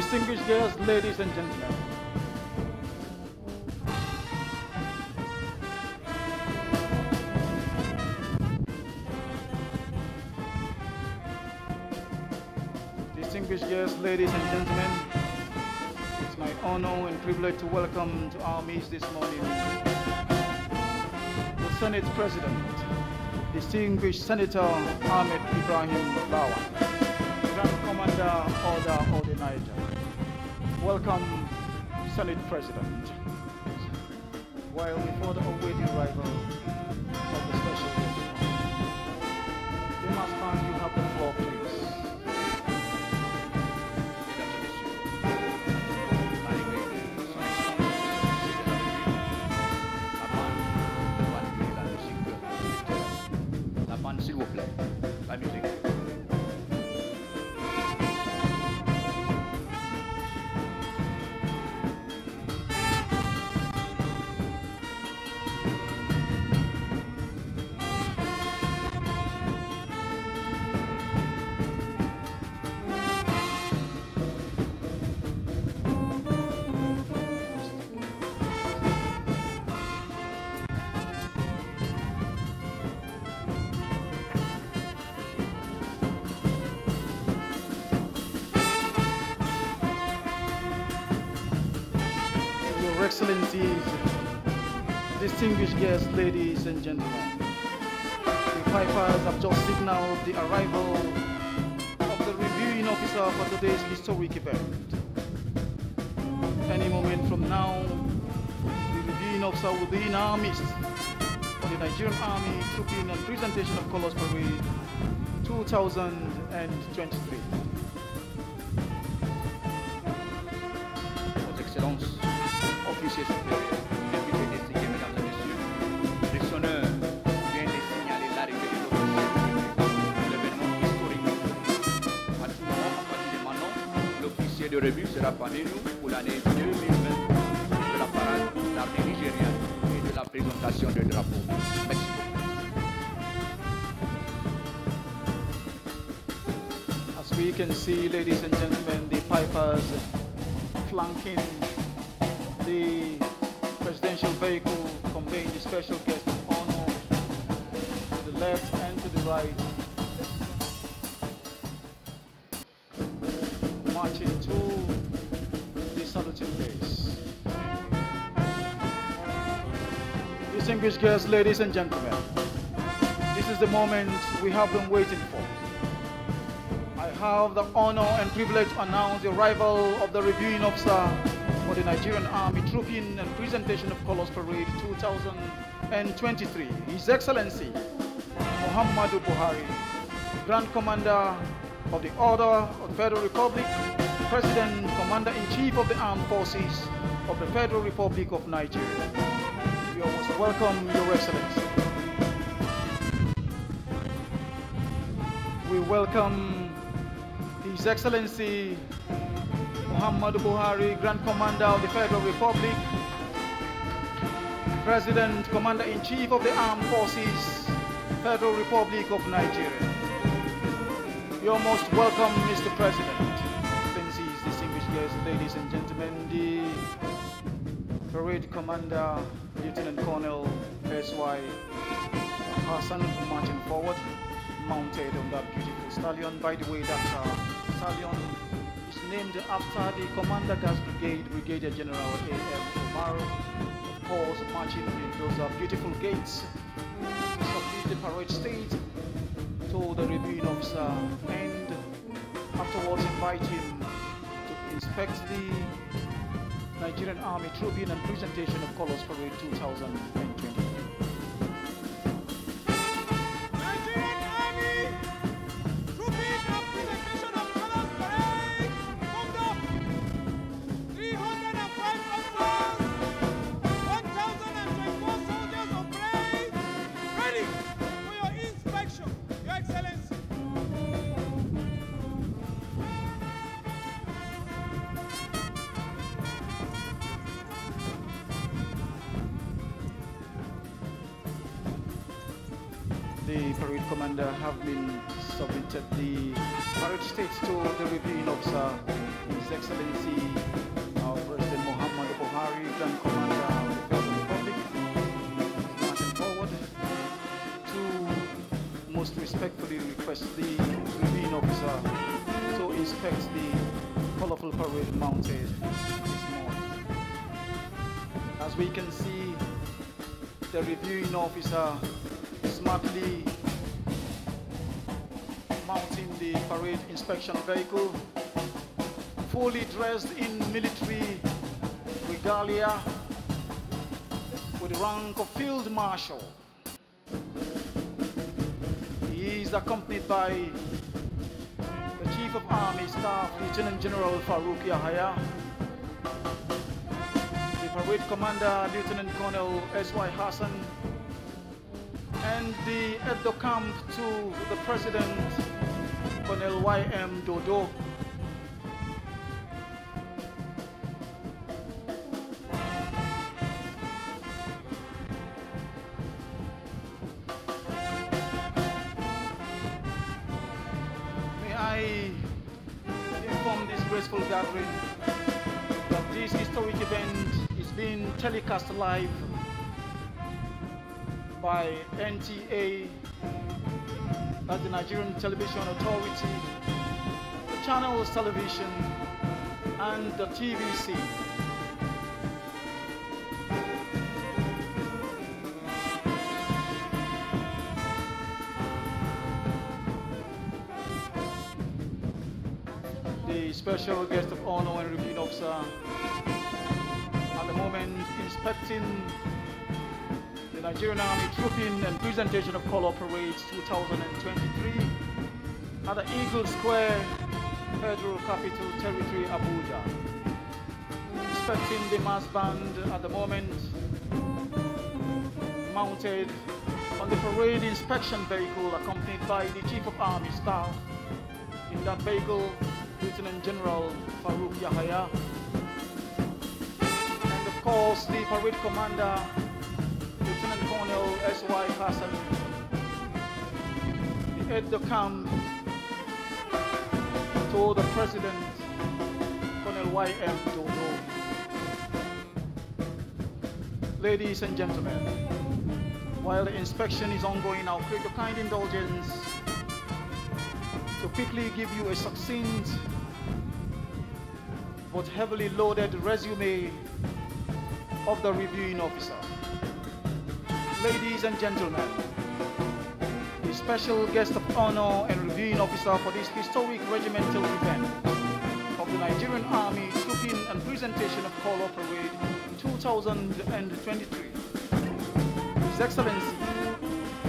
distinguished guests, ladies and gentlemen. Distinguished guests, ladies and gentlemen, it's my honor and privilege to welcome to our meet this morning the Senate President, distinguished Senator Ahmed Ibrahim Lawan, Grand Commander Order of the Niger. Welcome, Senate President. While before the awaiting Yes, ladies and gentlemen, the pipers have just signaled the arrival of the reviewing officer for today's historic event. Any moment from now, the reviewing officer will be in our midst for the Nigerian Army Trooping and Presentation of Colors Parade 2023. nous pour l'année 2020 de la parade nigérienne et de la présentation drapeau. Merci. As we can see, ladies and gentlemen, the pipers flanking guests, ladies and gentlemen, this is the moment we have been waiting for. I have the honor and privilege to announce the arrival of the reviewing officer for the Nigerian Army Trooping and Presentation of Colors Parade 2023, His Excellency Muhammadu Buhari, Grand Commander of the Order of the Federal Republic, President Commander-in-Chief of the Armed Forces of the Federal Republic of Nigeria. Welcome, Your Excellency. We welcome His Excellency Muhammad Buhari, Grand Commander of the Federal Republic, President, Commander-in-Chief of the Armed Forces, Federal Republic of Nigeria. You're most welcome, Mr. President, excellencies, distinguished guests, ladies and gentlemen, Brigade Commander Lieutenant Colonel S.Y. Hassan marching forward, mounted on that beautiful stallion. By the way, that uh, stallion is named after the Commander Gas Brigade, Brigadier General A.M. Omaro, of course, marching in those uh, beautiful gates to the parade state to the reviewing officer and afterwards invite him to inspect the Nigerian Army Tribune and presentation of Colors Parade 2020. uh, have been submitted the marriage states to the reviewing officer, His Excellency uh, President Muhammad Buhari, Grand Commander of the Federal Republic, marching forward to most respectfully request the reviewing officer to inspect the colorful parade mounted this morning. As we can see, the reviewing officer smartly the parade inspection vehicle, fully dressed in military regalia with the rank of Field Marshal. He is accompanied by the Chief of Army Staff, Lieutenant General Farouk Yahya, the parade commander, Lieutenant Colonel S.Y. Hassan, and the aide-de-camp to the President, Colonel Y.M. Dodo. May I inform this graceful gathering that this historic event is being telecast live by NTA Nigerian Television Authority, the Channels Television, and the TVC. The special guest of honor and reviewing officer, at the moment inspecting Nigerian Army Trooping and Presentation of Color Parades 2023 at the Eagle Square, Federal Capital Territory, Abuja. Inspecting the mass band at the moment, mounted on the parade inspection vehicle accompanied by the Chief of Army Staff. In that vehicle, Lieutenant General Farouk Yahaya. And of course, the parade commander Romano S.Y. Casan, the aide de camp to the President, Colonel Y.M. Dodo. Ladies and gentlemen, while the inspection is ongoing, I'll create your kind indulgence to quickly give you a succinct but heavily loaded resume of the reviewing officer ladies and gentlemen, the special guest of honor and reviewing officer for this historic regimental event of the Nigerian Army Trooping and Presentation of Call of Parade 2023. His Excellency,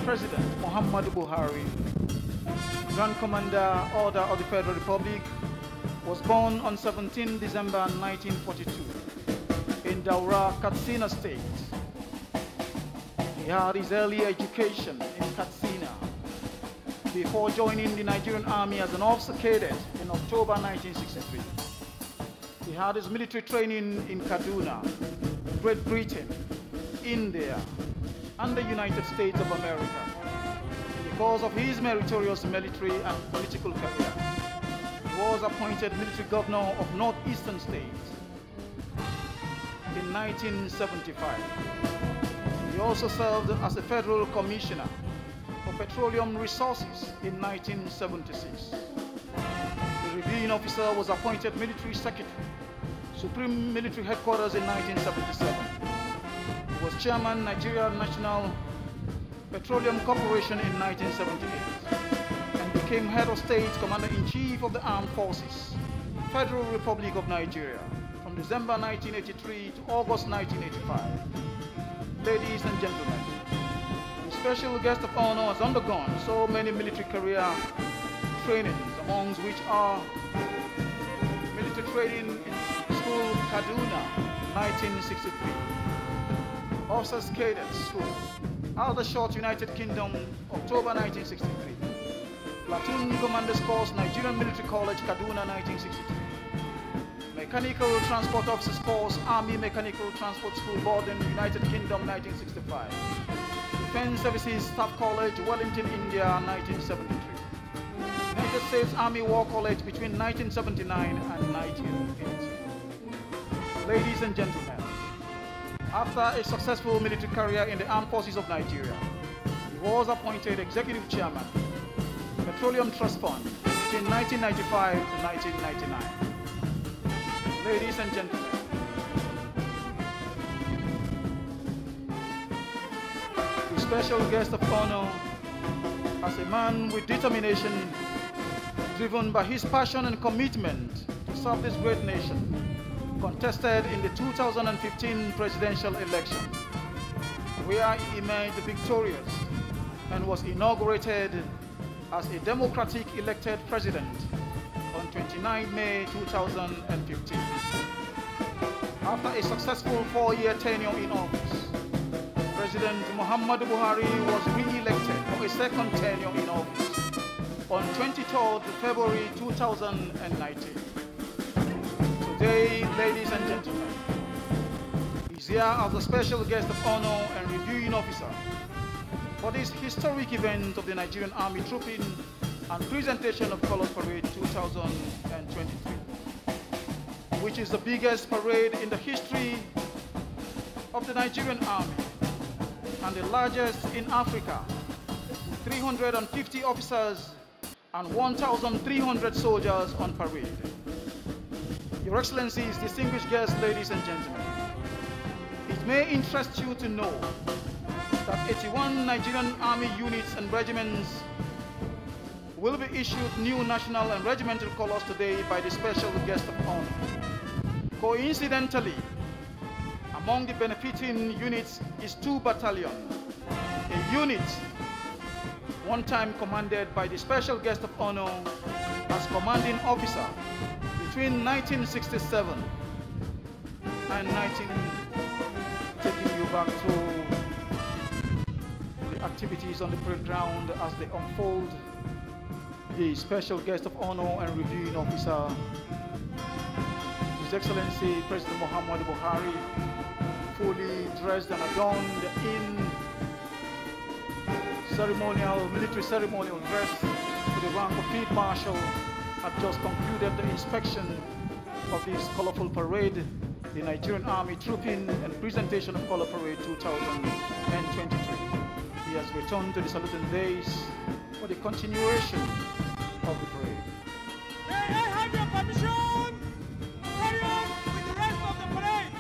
President Muhammad Buhari, Grand Commander Order of the Federal Republic, was born on 17 December 1942 in Daura, Katsina State. He had his early education in Katsina before joining the Nigerian Army as an officer cadet in October 1963. He had his military training in Kaduna, Great Britain, India, and the United States of America. Because of his meritorious military and political career, he was appointed military governor of northeastern states in 1975. He also served as a federal commissioner for petroleum resources in 1976. The reviewing officer was appointed military secretary, Supreme Military Headquarters in 1977. He was chairman Nigeria National Petroleum Corporation in 1978 and became head of state commander-in-chief of the armed forces, Federal Republic of Nigeria, from December 1983 to August 1985 ladies and gentlemen. The special guest of honor has undergone so many military career trainings, amongst which are military training in school Kaduna, 1963, Officers Cadets School, Aldershot, United Kingdom, October 1963, Platoon Commanders Course, Nigerian Military College, Kaduna, 1963. Mechanical Transport Officers Course, Army Mechanical Transport School Board in United Kingdom, 1965. Defense Services Staff College, Wellington, India, 1973. United States Army War College between 1979 and 1980. Ladies and gentlemen, after a successful military career in the armed forces of Nigeria, he was appointed executive chairman, Petroleum Trust Fund, between 1995 and 1999 ladies and gentlemen. The special guest of honor as a man with determination driven by his passion and commitment to serve this great nation, contested in the 2015 presidential election, where he emerged victorious and was inaugurated as a democratic elected president 29 May 2015. After a successful four-year tenure in office, President Muhammad Buhari was re-elected for a second tenure in office on 23rd February 2019. Today, ladies and gentlemen, is here as a special guest of honor and reviewing officer for this historic event of the Nigerian Army Trooping and presentation of Colors Parade 2023, which is the biggest parade in the history of the Nigerian Army and the largest in Africa, with 350 officers and 1,300 soldiers on parade. Your Excellencies, distinguished guests, ladies and gentlemen, it may interest you to know that 81 Nigerian Army units and regiments will be issued new national and regimental colors today by the special guest of honor. Coincidentally, among the benefiting units is two battalion, a unit one time commanded by the special guest of honor as commanding officer between 1967 and 19 taking you back to the activities on the playground as they unfold the special guest of honor and reviewing officer, His Excellency President Muhammad Buhari, fully dressed and adorned in ceremonial, military ceremonial dress with the rank of Field Marshal, has just concluded the inspection of this colorful parade, the Nigerian Army Trooping and Presentation of Color Parade 2023. He has returned to the saluting days for the continuation of the parade. May I have your permission carry on with the rest of the parade,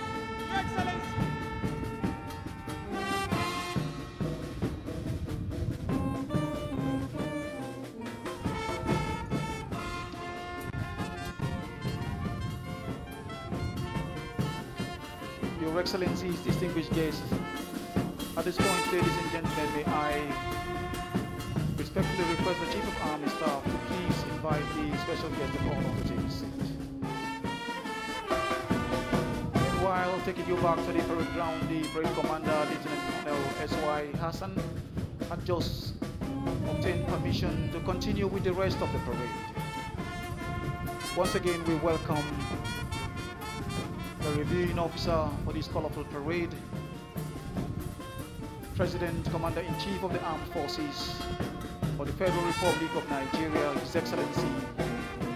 Your Excellency? Your Excellencies, distinguished guests, at this point, ladies and gentlemen, may I respectfully request the Chief of Army Staff to please invite the special guest of honor to take his seat. Meanwhile, taking you back to the parade ground, the parade commander, Lieutenant Colonel S.Y. Hassan, had just obtained permission to continue with the rest of the parade. Once again, we welcome the reviewing officer for this colorful parade, President, Commander-in-Chief of the Armed Forces of the Federal Republic of Nigeria, His Excellency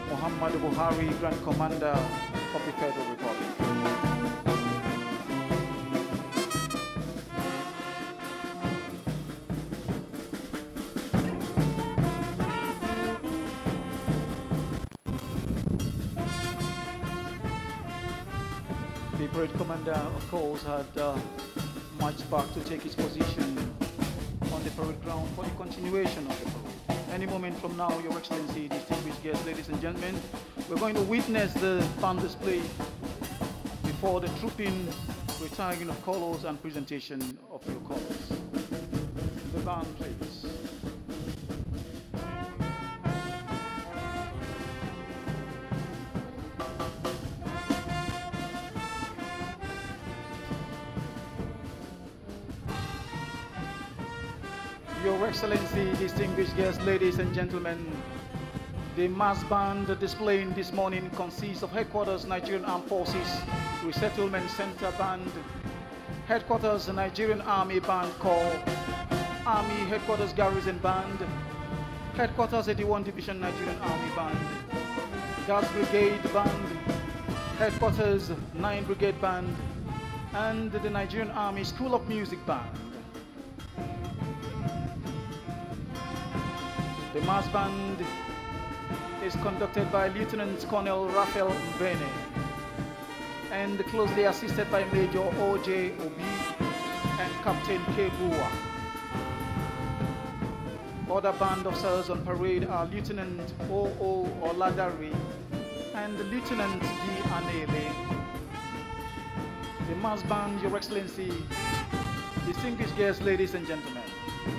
Muhammadu Buhari, Grand Commander of the Federal Republic. The parade commander, of course, had uh, back to take his position on the parade ground for the continuation of the parade. Any moment from now, Your Excellency, distinguished guests, ladies and gentlemen, we're going to witness the fan display before the trooping, retiring of colors and presentation of your colors. The band, please. Excellency, distinguished guests, ladies and gentlemen, the mass band displaying this morning consists of Headquarters Nigerian Armed Forces Resettlement Center Band, Headquarters Nigerian Army Band Corps, Army Headquarters Garrison Band, Headquarters 81 Division Nigerian Army Band, Guards Brigade Band, Headquarters 9 Brigade Band, and the Nigerian Army School of Music Band. The mass band is conducted by Lieutenant Colonel Raphael Mbene and closely assisted by Major O.J. Obi and Captain K. Bua. Other band officers on parade are Lieutenant O.O. Oladari and Lieutenant D. Anele. The mass band, Your Excellency, distinguished guests, ladies and gentlemen,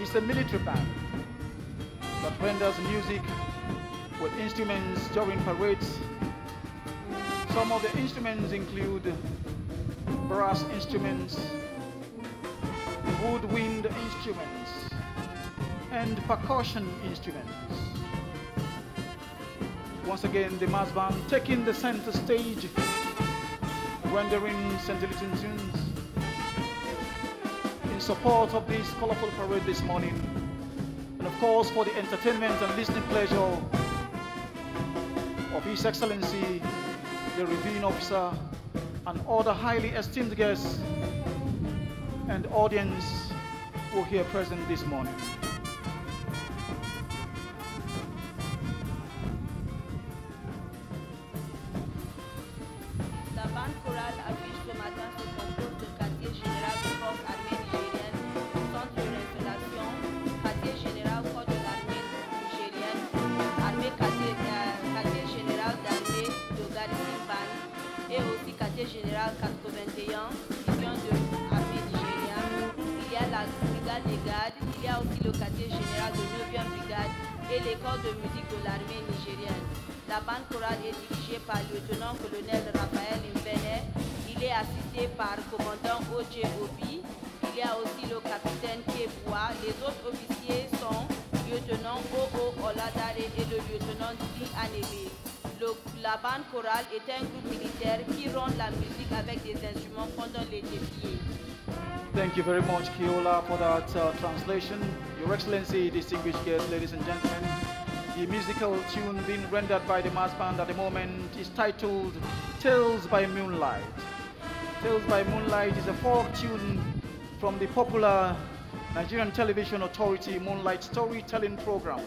is a military band that renders music with instruments during parades. Some of the instruments include brass instruments, woodwind instruments, and percussion instruments. Once again, the mass band taking the center stage, rendering St. tunes in support of this colorful parade this morning and of course for the entertainment and listening pleasure of His Excellency, the Reviewing Officer, and all the highly esteemed guests and audience who are here present this morning. aussi le quartier général de 9e Brigade et l'école de musique de l'armée nigérienne. La bande chorale est dirigée par le lieutenant-colonel Raphaël Mbenet. Il est assisté par le commandant Oje Obi. Il y a aussi le capitaine Kebois. Les autres officiers sont le lieutenant O.O. Oladare et le lieutenant Di Anebe. la bande chorale est un groupe militaire qui rend la musique avec des instruments pendant les défilés. Thank you very much, Kiola, for that uh, translation. Your Excellency, distinguished guests, ladies and gentlemen, the musical tune being rendered by the mass band at the moment is titled Tales by Moonlight. Tales by Moonlight is a folk tune from the popular Nigerian Television Authority Moonlight Storytelling Program.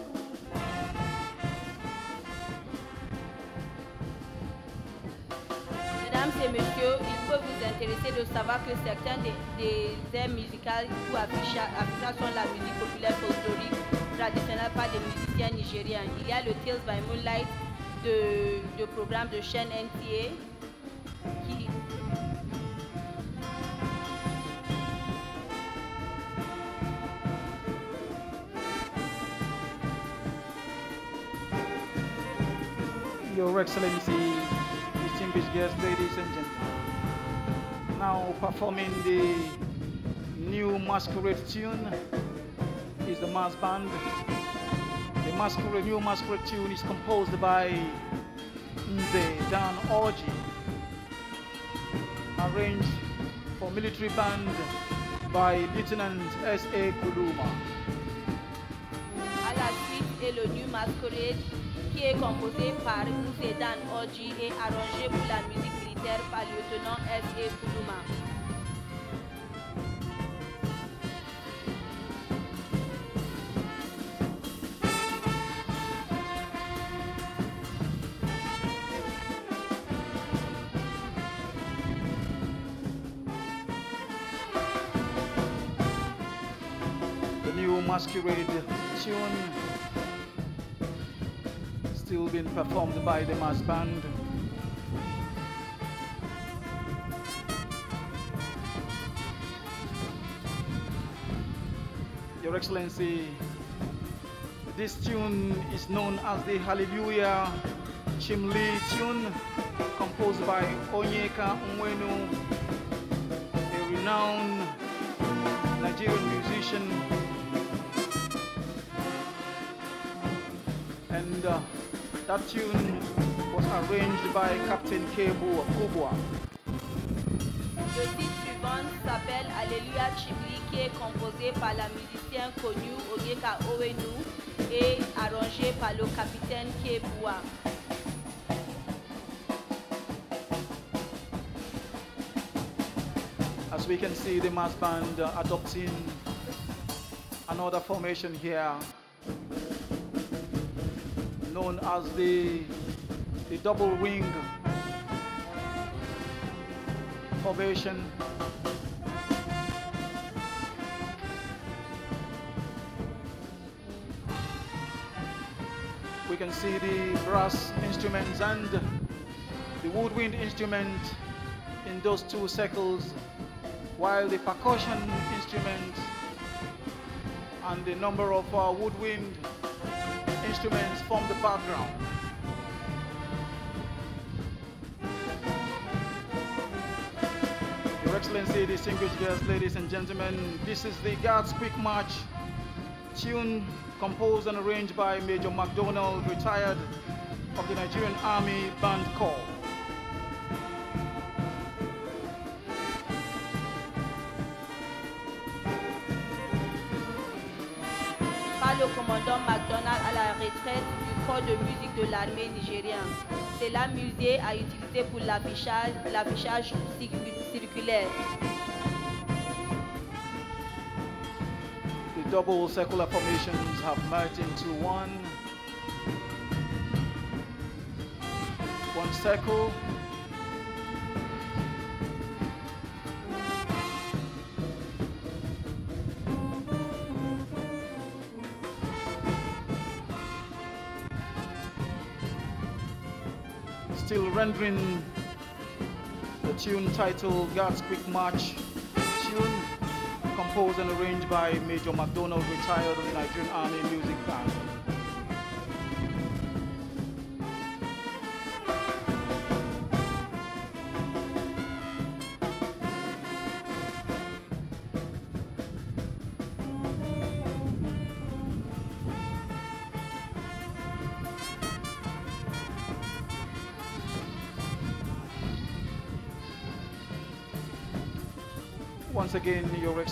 mesdames et messieurs, il peut vous intéresser de savoir que certains des, des airs musicales ou affichages sont la musique populaire folklorique traditionnelle par des musiciens nigériens. Il y a le Tales by Moonlight de, de programme de chaîne NTA qui, Your Excellency ladies and gentlemen. Now performing the new masquerade tune is the Mass Band. The masquerade, new masquerade tune is composed by Nze Dan Orji, arranged for military band by Lieutenant S.A. Kuluma. À la suite est le new masquerade est composé par Dan Oji et arrangé pour la musique militaire par le lieutenant S.E. masquerade been performed by the mass band. Your Excellency, this tune is known as the Hallelujah Chimli tune, composed by Onyeka Mwenu, a renowned Nigerian musician. And uh, That tune was arranged by Captain Cable of Le titre suivant s'appelle Alléluia Chibli qui est composé par la musicienne connue Ogeka Owenu et arrangé par le capitaine Kebua. As we can see the mass band adopting another formation here known as the, the double wing formation. We can see the brass instruments and the woodwind instrument in those two circles while the percussion instruments and the number of uh, woodwind instruments the background. Your Excellency, distinguished guests, ladies and gentlemen, this is the Guards Quick March tune composed and arranged by Major MacDonald, retired of the Nigerian Army Band Corps. à la retraite du corps de musique de l'armée nigérienne. C'est la musée à utiliser pour l'affichage circulaire. The double circular formations have merged into one, one circle. rendering the tune titled God's Quick March. Tune composed and arranged by Major McDonald, retired of the Nigerian Army Music Band.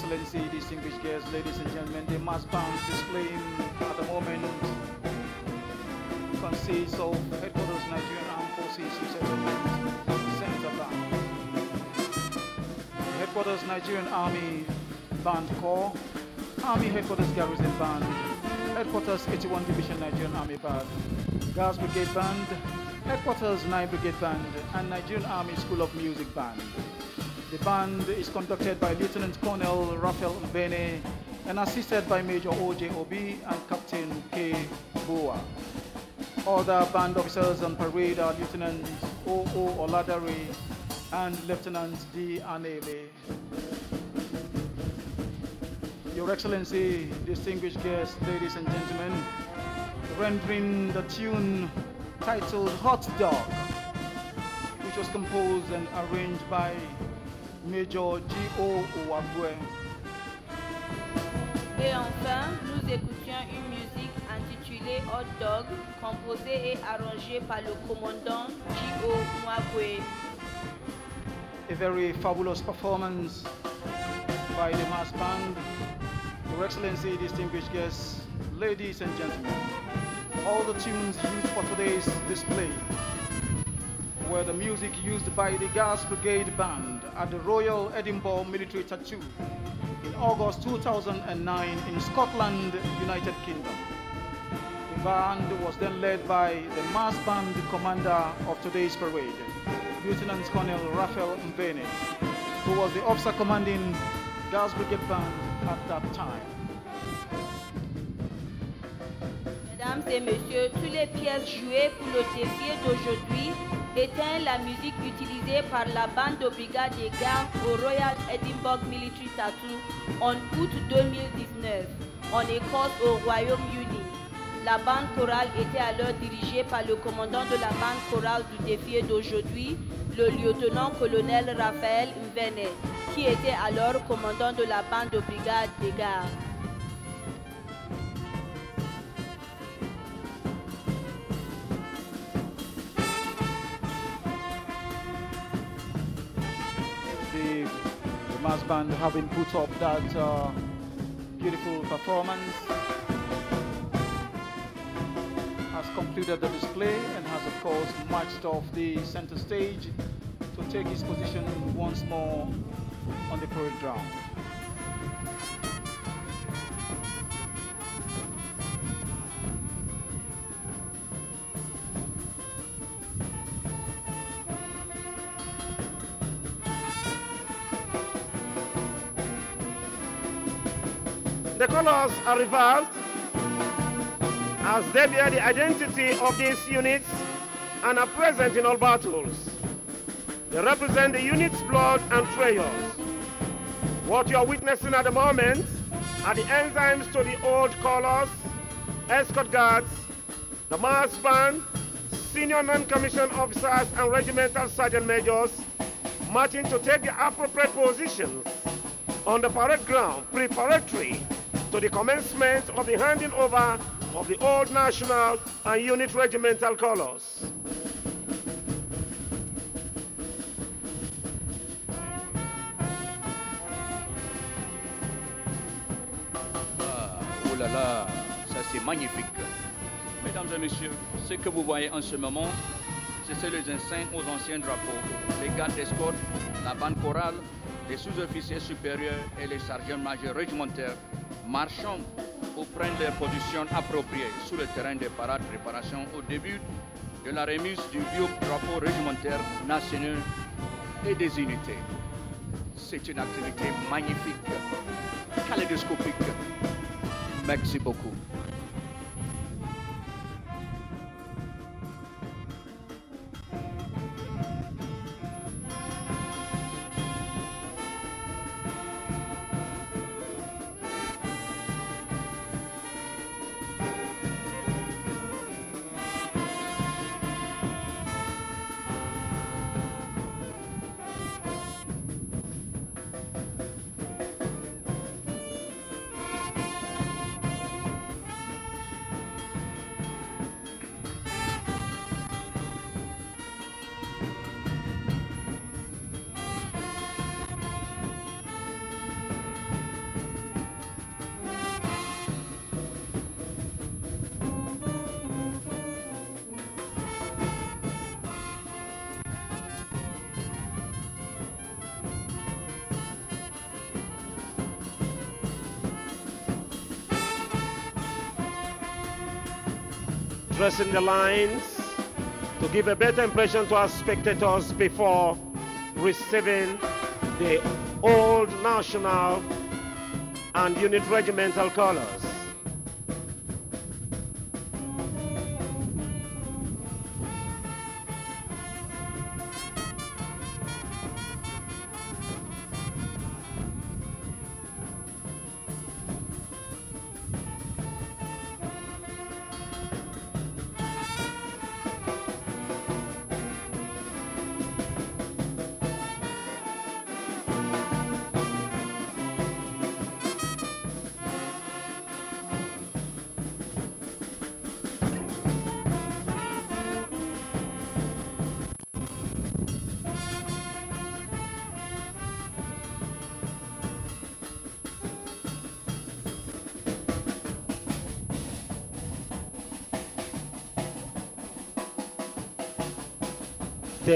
ladies, distinguished guests, ladies and gentlemen, the mass bounce display at the moment consists of headquarters Nigerian Armed Forces Resettlement Center Band, headquarters Nigerian Army Band Corps, Army Headquarters Garrison Band, Headquarters 81 Division Nigerian Army Band, Guards Brigade Band, Headquarters 9 Brigade Band, and Nigerian Army School of Music Band. The band is conducted by Lieutenant Colonel Raphael Mbene and assisted by Major O.J. Obi and Captain K. Boa. Other band officers on parade are Lieutenant O.O. Oladare and Lieutenant D. Anele. Your Excellency, distinguished guests, ladies and gentlemen, rendering the tune titled Hot Dog, which was composed and arranged by Major G.O. Et enfin, nous écoutions une musique intitulée Hot Dog, composée et arrangée par le commandant G.O. A very fabulous performance by the mass band. Your Excellency, distinguished guests, ladies and gentlemen, all the tunes used for today's display were the music used by the Gas Brigade Band at the Royal Edinburgh Military Tattoo in August 2009 in Scotland, United Kingdom. The band was then led by the mass band commander of today's parade, Lieutenant Colonel Raphael Mbene, who was the officer commanding Gas Brigade Band at that time. mesdames et messieurs, toutes les pièces jouées pour le défi d'aujourd'hui étaient la musique utilisée par la bande de brigade des gardes au Royal Edinburgh Military Tattoo en août 2019 en Écosse au Royaume-Uni. La bande chorale était alors dirigée par le commandant de la bande chorale du défi d'aujourd'hui, le lieutenant-colonel Raphaël Mvenet, qui était alors commandant de la bande de brigade des gardes. Farmers Band having put up that uh, beautiful performance has completed the display and has of course marched off the center stage to take his position once more on the parade ground. The colors are reversed as they bear the identity of these units and are present in all battles. They represent the unit's blood and trails. What you are witnessing at the moment are the enzymes to the old colors, escort guards, the mass band, senior non-commissioned officers and regimental sergeant majors marching to take the appropriate positions on the parade ground preparatory to the commencement of the handing over of the old national and unit regimental colors. Ah, oh là là, ça c'est magnifique. Mesdames et messieurs, ce que vous voyez en ce moment, c'est les insignes aux anciens drapeaux, les gardes d'escorte, la bande chorale, les sous-officiers supérieurs et les sergents-majors régimentaires marchant ou prennent leurs positions appropriées sur le terrain des parades de préparation au début de la remise du vieux drapeau régimentaire national et des unités. C'est une activité magnifique, kaléidoscopique. Merci beaucoup. dressing the lines to give a better impression to our spectators before receiving the old national and unit regimental colors.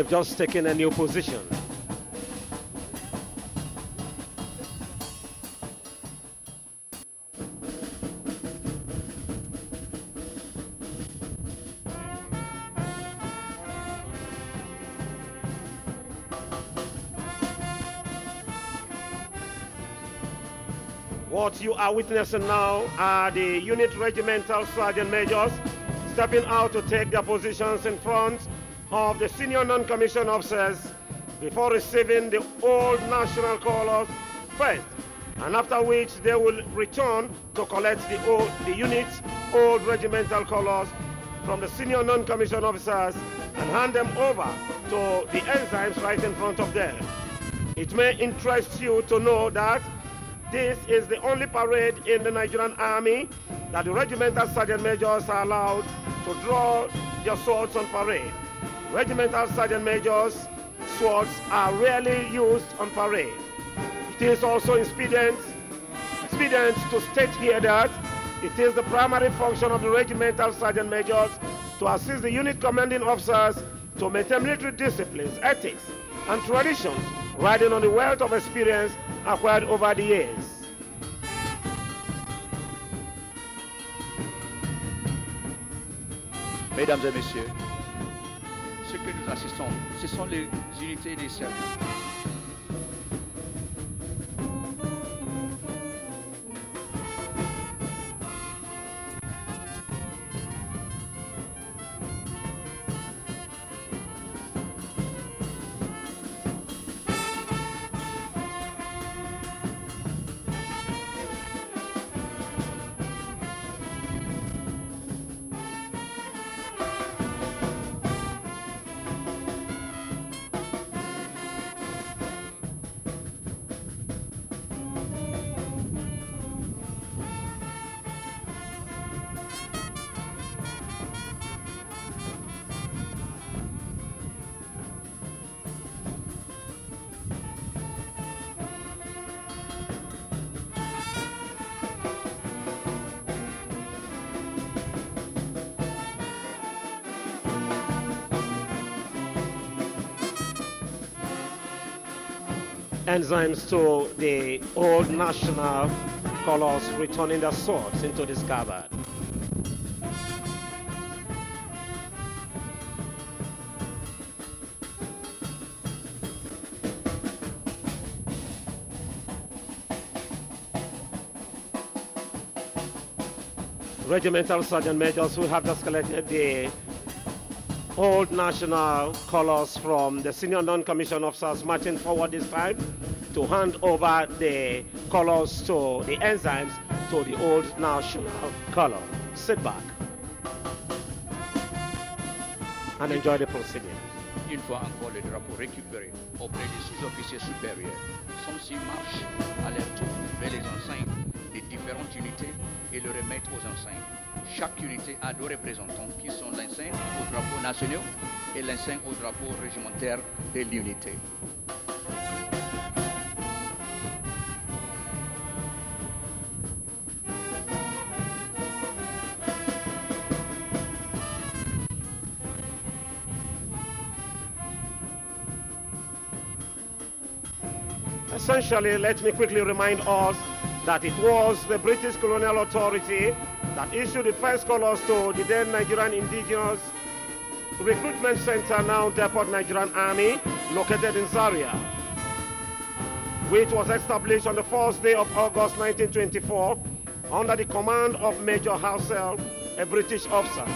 they've just taken a new position. What you are witnessing now are the unit regimental sergeant majors stepping out to take their positions in front of the senior non-commissioned officers before receiving the old national colors first, and after which they will return to collect the, old, the unit's old regimental colors from the senior non-commissioned officers and hand them over to the enzymes right in front of them. It may interest you to know that this is the only parade in the Nigerian army that the regimental sergeant majors are allowed to draw their swords on parade regimental sergeant majors' swords are rarely used on parade. It is also expedient, expedient to state here that it is the primary function of the regimental sergeant majors to assist the unit commanding officers to maintain military disciplines, ethics, and traditions, riding on the wealth of experience acquired over the years. Mesdames et messieurs, ce sont, ce sont les unités des cercles. enzymes to the old national colors returning their swords into this cupboard. Regimental sergeant majors who have just collected the old national colors from the senior non-commissioned officers marching forward this time. to hand over the colors to the enzymes to the old national color. Sit back and enjoy the procedure. Une fois encore le drapeau récupéré auprès des sous-officiers supérieurs, sont six marches à leur tour vers les enceintes des différentes unités et le remettre aux enceintes. Chaque unité a deux représentants qui sont l'enceinte au drapeau national et l'enceinte au drapeau régimentaire de l'unité. essentially, let me quickly remind us that it was the British colonial authority that issued the first colors to the then Nigerian indigenous recruitment center, now Depot Nigerian Army, located in Zaria, which was established on the first day of August 1924 under the command of Major Housel, a British officer.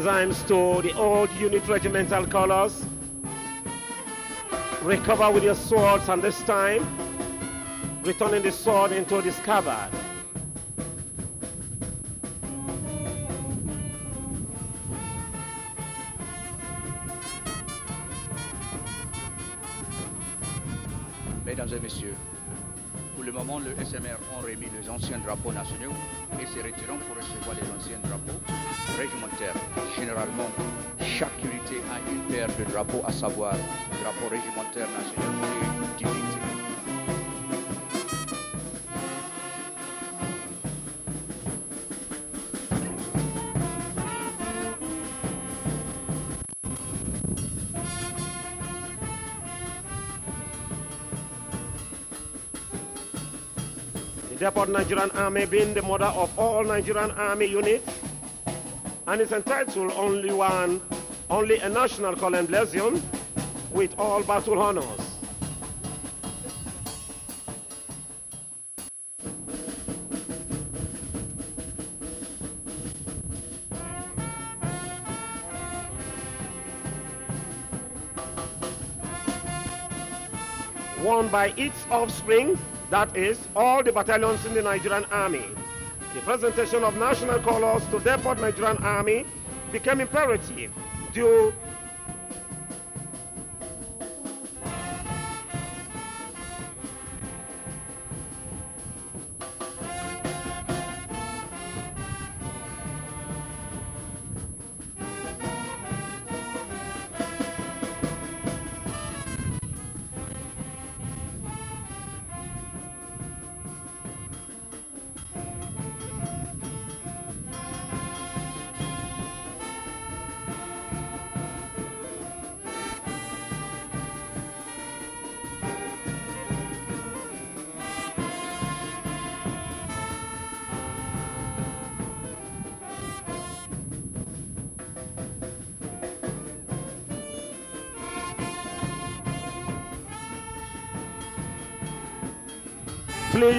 enzymes to the old unit regimental colors. Recover with your swords and this time, returning the sword into the scabbard. Mesdames et messieurs, pour le moment, le SMR ont remis les anciens drapeaux généralement, chaque unité a une paire de drapeaux, à savoir le drapeau régimentaire national et d'unité. The Depot Nigerian Army being the mother of all Nigerian Army units and is entitled Only One, Only a National Columblesium with all battle honors. won by its offspring, that is, all the battalions in the Nigerian army. The presentation of national colors to Port Nigerian army became imperative due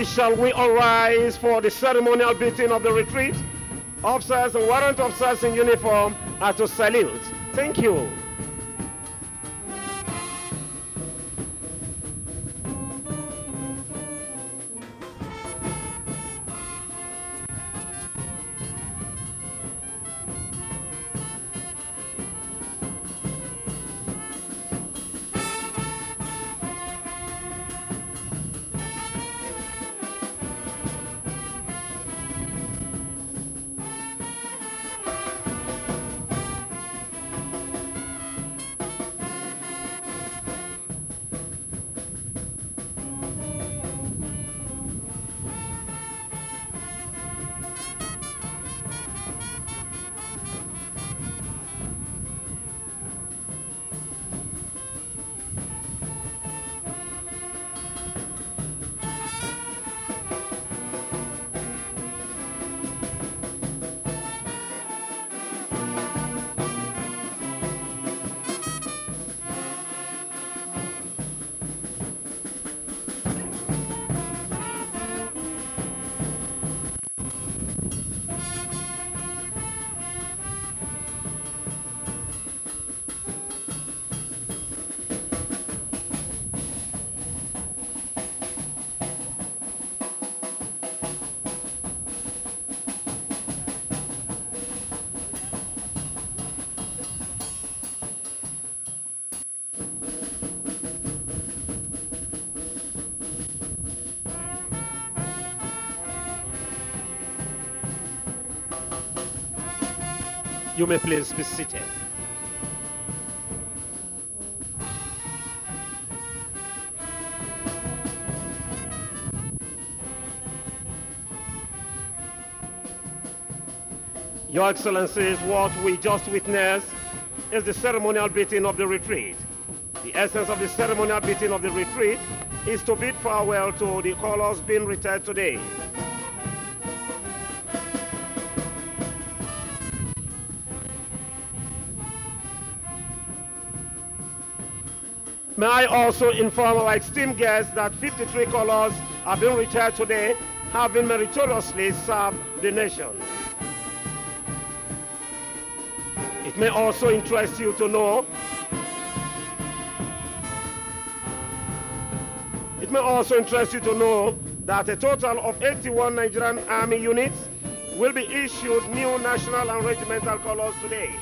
shall we arise for the ceremonial beating of the retreat? Officers and warrant officers in uniform are to salute. Thank you. You may please be seated. Your Excellencies, what we just witnessed is the ceremonial beating of the retreat. The essence of the ceremonial beating of the retreat is to bid farewell to the colors being retired today. May I also inform our esteemed guests that 53 colors have been retired today, having meritoriously served the nation. It may also interest you to know It may also interest you to know that a total of 81 Nigerian Army units will be issued new national and regimental colors today.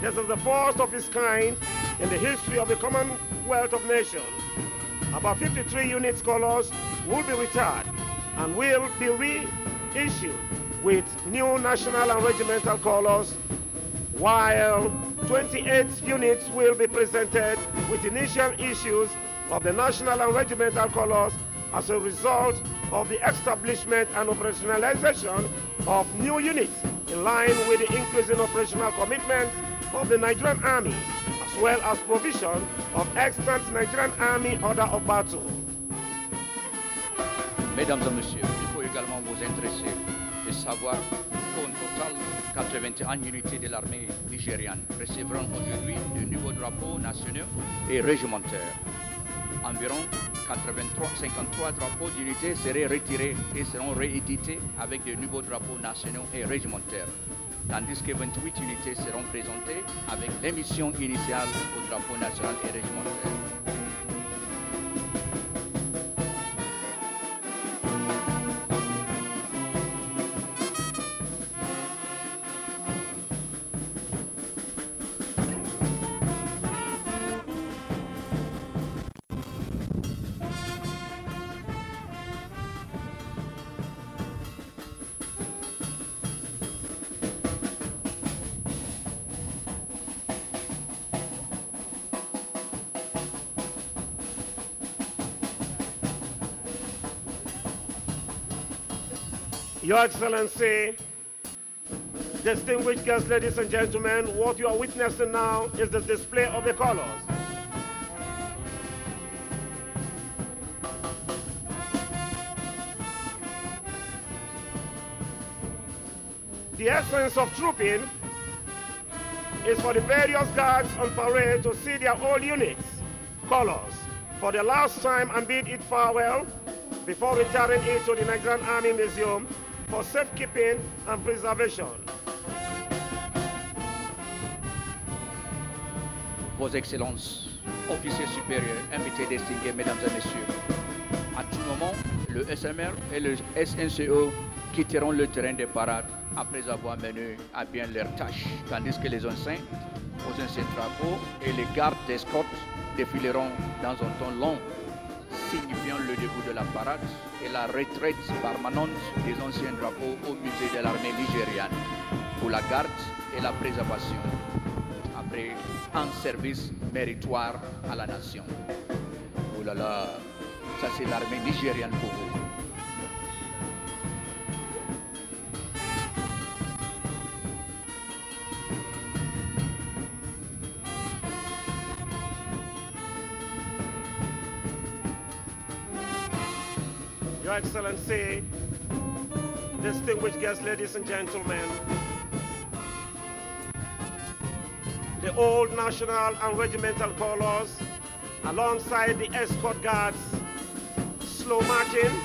This is the first of its kind in the history of the Common wealth of nations. About 53 unit scholars will be retired and will be reissued with new national and regimental colors, while 28 units will be presented with initial issues of the national and regimental colors as a result of the establishment and operationalization of new units in line with the increasing operational commitments of the Nigerian Army provision Mesdames et messieurs, il faut également vous intéresser de savoir qu'au total, 81 unités de l'armée nigériane recevront aujourd'hui de nouveaux drapeaux nationaux et régimentaires. Environ 83, 53 drapeaux d'unités seraient retirés et seront réédités avec de nouveaux drapeaux nationaux et régimentaires tandis que 28 unités seront présentées avec l'émission initiale au drapeau national et régimentaire. Your Excellency, distinguished guests, ladies and gentlemen, what you are witnessing now is the display of the colors. The essence of trooping is for the various guards on parade to see their old units, colors, for the last time and bid it farewell before returning it to the Nigerian Army Museum for safekeeping and preservation. Vos Excellences, officiers supérieurs, invités distingués, Mesdames et Messieurs, à tout moment, le SMR et le SNCO quitteront le terrain de parade après avoir mené à bien leurs tâches, tandis que les anciens, aux anciens travaux et les gardes d'escorte défileront dans un temps long signifiant le début de la parade et la retraite permanente des anciens drapeaux au musée de l'armée nigériane pour la garde et la préservation après un service méritoire à la nation. Oh là là, ça c'est l'armée nigériane pour vous. Excellency, distinguished guests, ladies and gentlemen, the old national and regimental colors, alongside the escort guards, slow marching,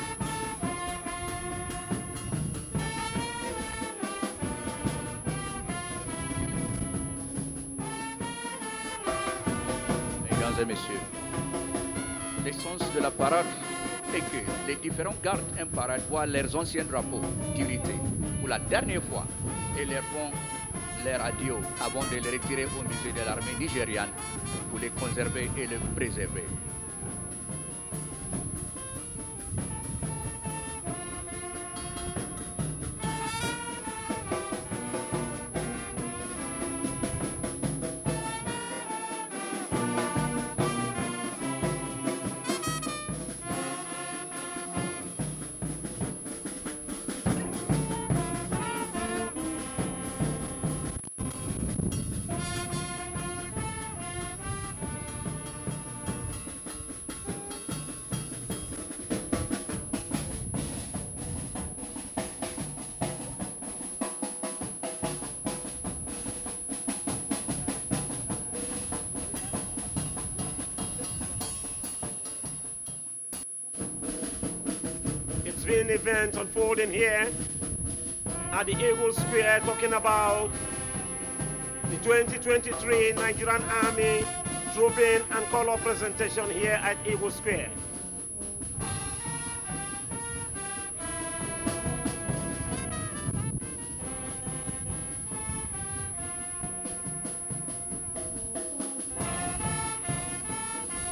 Mesdames et messieurs, l'essence de la et que les différents gardes voient leurs anciens drapeaux d'irriter pour la dernière fois et leur font les radios avant de les retirer au musée de l'armée nigériane pour les conserver et les préserver. here at the Eagle Square talking about the 2023 Nigerian Army Trooping and Color presentation here at Eagle Square.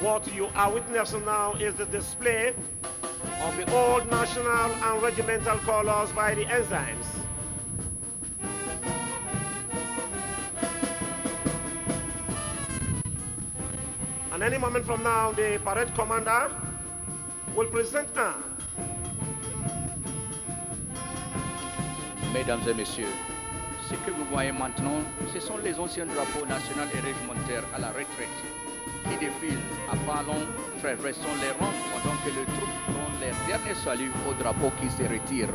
What you are witnessing now is the display of the old national and regimental colors by the enzymes. And any moment from now, the parade commander will present now. Mesdames et messieurs, ce que vous voyez maintenant, ce sont les anciens drapeaux nationaux et régimentaires à la retraite qui défilent à pas long, traversant les rangs pendant que le troupe Hitler. Dernier salut au drapeau qui se retire.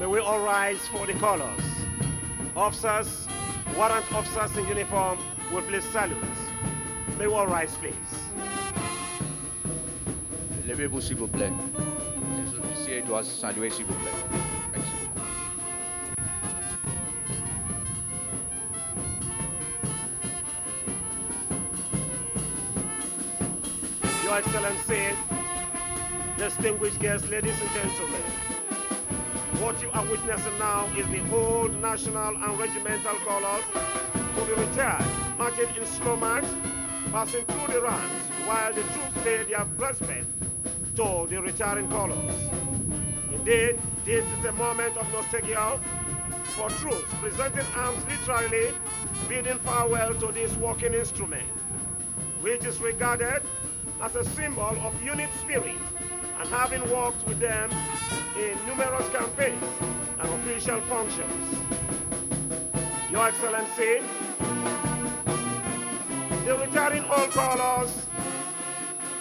May we all rise for the colors. Officers, warrant officers in uniform will please salute. May we all rise, please. Levez-vous, s'il vous plaît. Les officiers doivent saluer, s'il vous plaît. Excellency, and Distinguished guests, ladies and gentlemen, what you are witnessing now is the old national and regimental colors to be retired, marching in slow march, passing through the ranks while the troops pay their respect to the retiring colors. Indeed, this is a moment of nostalgia for troops presenting arms literally bidding farewell to this walking instrument, which is regarded as a symbol of unit spirit and having worked with them in numerous campaigns and official functions. Your Excellency, the retiring old colors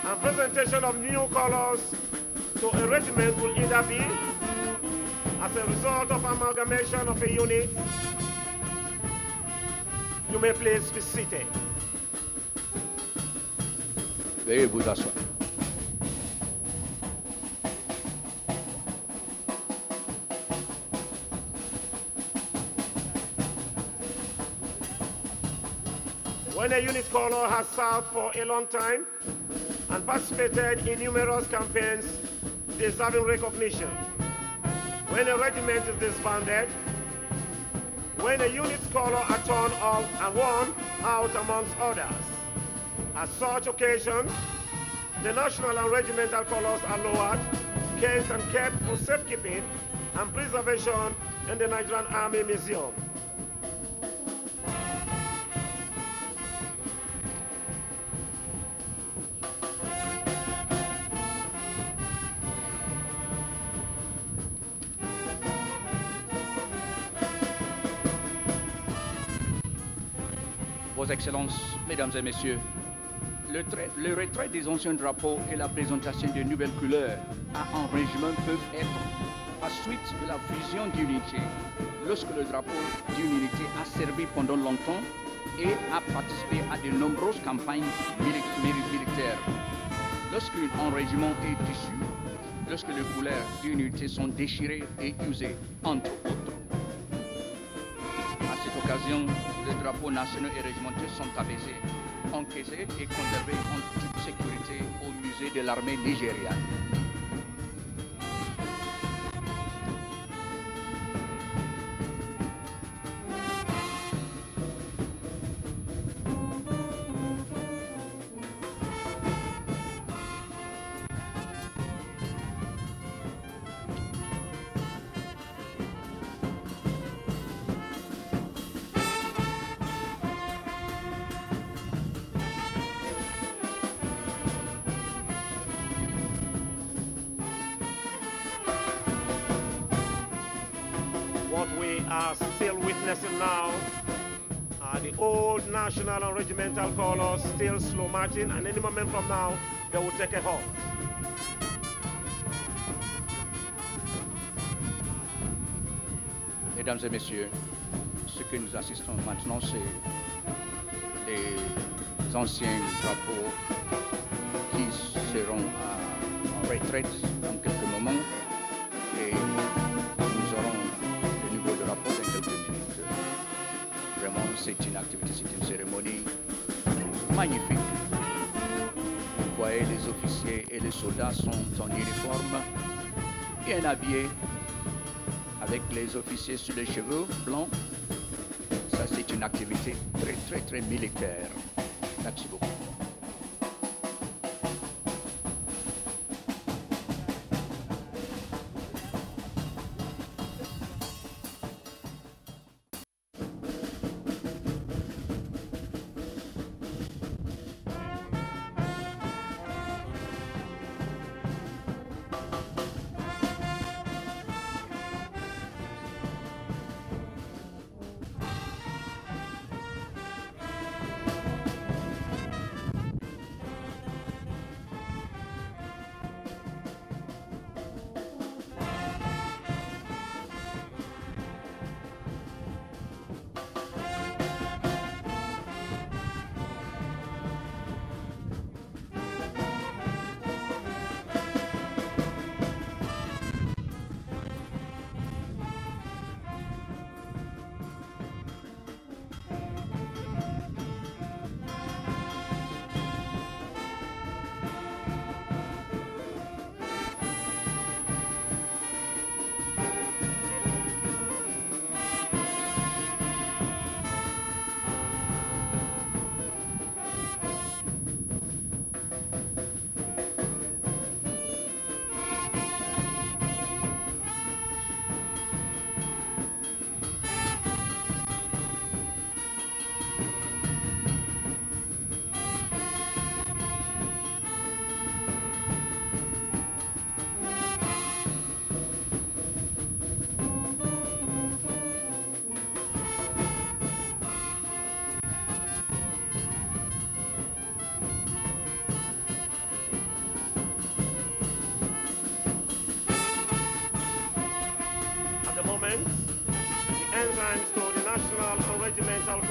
and presentation of new colors to a regiment will either be as a result of amalgamation of a unit. You may please be seated. There you go, When a unit color has served for a long time and participated in numerous campaigns deserving recognition, when a regiment is disbanded, when a unit's color are torn off and worn out amongst others, at such occasions, the national and regimental colors are lowered, cased and kept for safekeeping and preservation in the Nigerian Army Museum. Vos Excellences, Mesdames et Messieurs, le, retrait des anciens drapeaux et la présentation de nouvelles couleurs à un régiment peuvent être à suite de la fusion d'unité, lorsque le drapeau d'une unité a servi pendant longtemps et a participé à de nombreuses campagnes militaires. Lorsqu'un régiment est issu, lorsque les couleurs d'unité sont déchirées et usées, entre autres. À cette occasion, les drapeaux nationaux et régimentaires sont abaissés encaissé et conservé en toute sécurité au musée de l'armée nigériane. still slow marching, and any moment from now, they will take Mesdames et messieurs, ce que nous assistons maintenant, c'est des anciens drapeaux qui seront en retraite dans quelques moments et nous aurons de nouveaux drapeaux dans quelques minutes. Vraiment, c'est une activité. et les soldats sont en uniforme, bien habillés, avec les officiers sur les cheveux blancs. Ça, c'est une activité très, très, très militaire.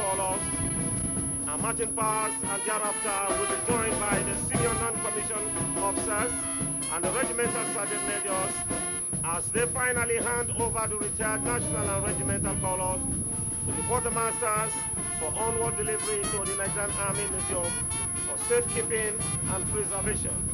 Solos and Martin Powers, and thereafter will be joined by the senior non-commissioned officers and the regimental sergeant majors as they finally hand over the retired national and regimental colors to the quartermasters for onward delivery to the Nigerian Army Museum for safekeeping and preservation.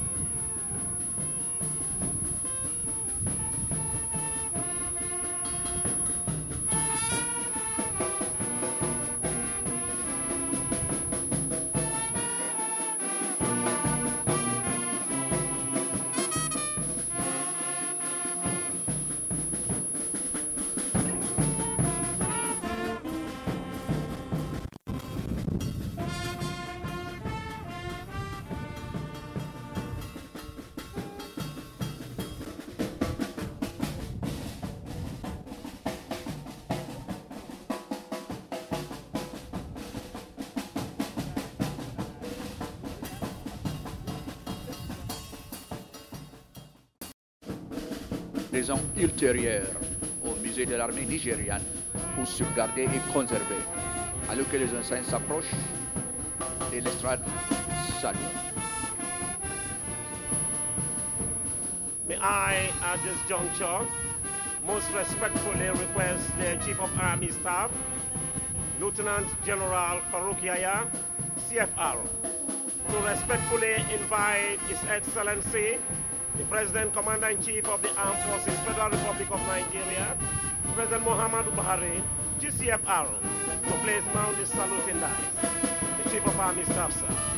ultérieure au musée de l'armée nigériane pour sauvegarder et conserver, alors que les enseignes s'approchent et l'estrade s'allume. May I, at this juncture, most respectfully request the Chief of Army Staff, Lieutenant General Farouk Yahya, CFR, to respectfully invite His Excellency the President Commander-in-Chief of the Armed Forces Federal Republic of Nigeria, President Muhammadu Buhari, GCFR, to place mount the salute in the Chief of Army Staff, sir.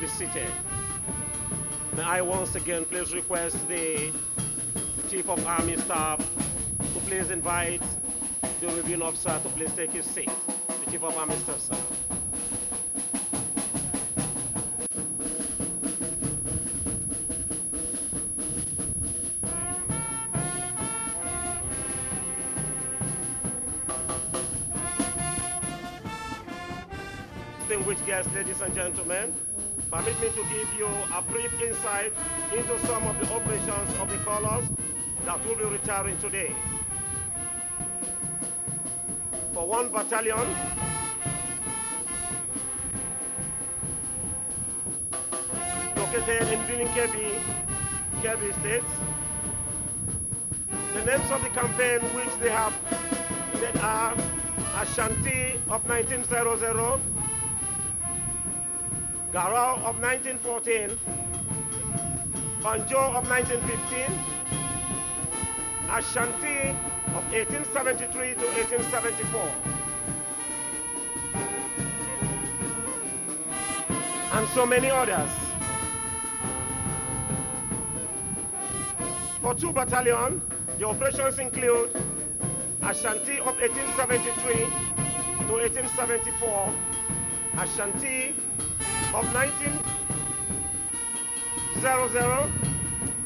the city. May I once again please request the Chief of Army Staff to please invite the Review officer to please take his seat. The Chief of Army Staff, sir. Distinguished guests, ladies and gentlemen, Permit me to give you a brief insight into some of the operations of the colors that will be retiring today. For one battalion, located in Bininkebi, Kebi State, the names of the campaign which they have led are Ashanti of 1900, Garau of 1914, Banjo of 1915, Ashanti of 1873 to 1874. And so many others. For two battalion, the operations include Ashanti of 1873 to 1874, Ashanti of 1900,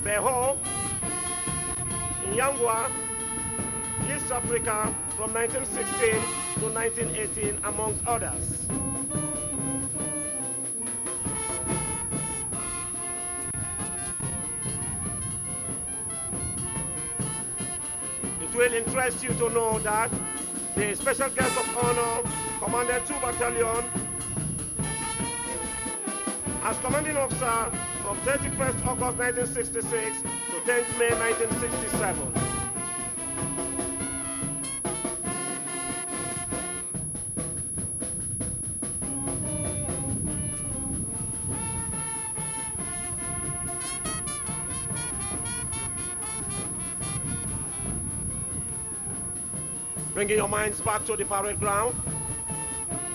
Beho, in Yangua, East Africa from 1916 to 1918, amongst others. It will interest you to know that the special guest of honor Commander two Battalion as commanding officer from 31st August 1966 to 10th May 1967. Bringing your minds back to the parade ground,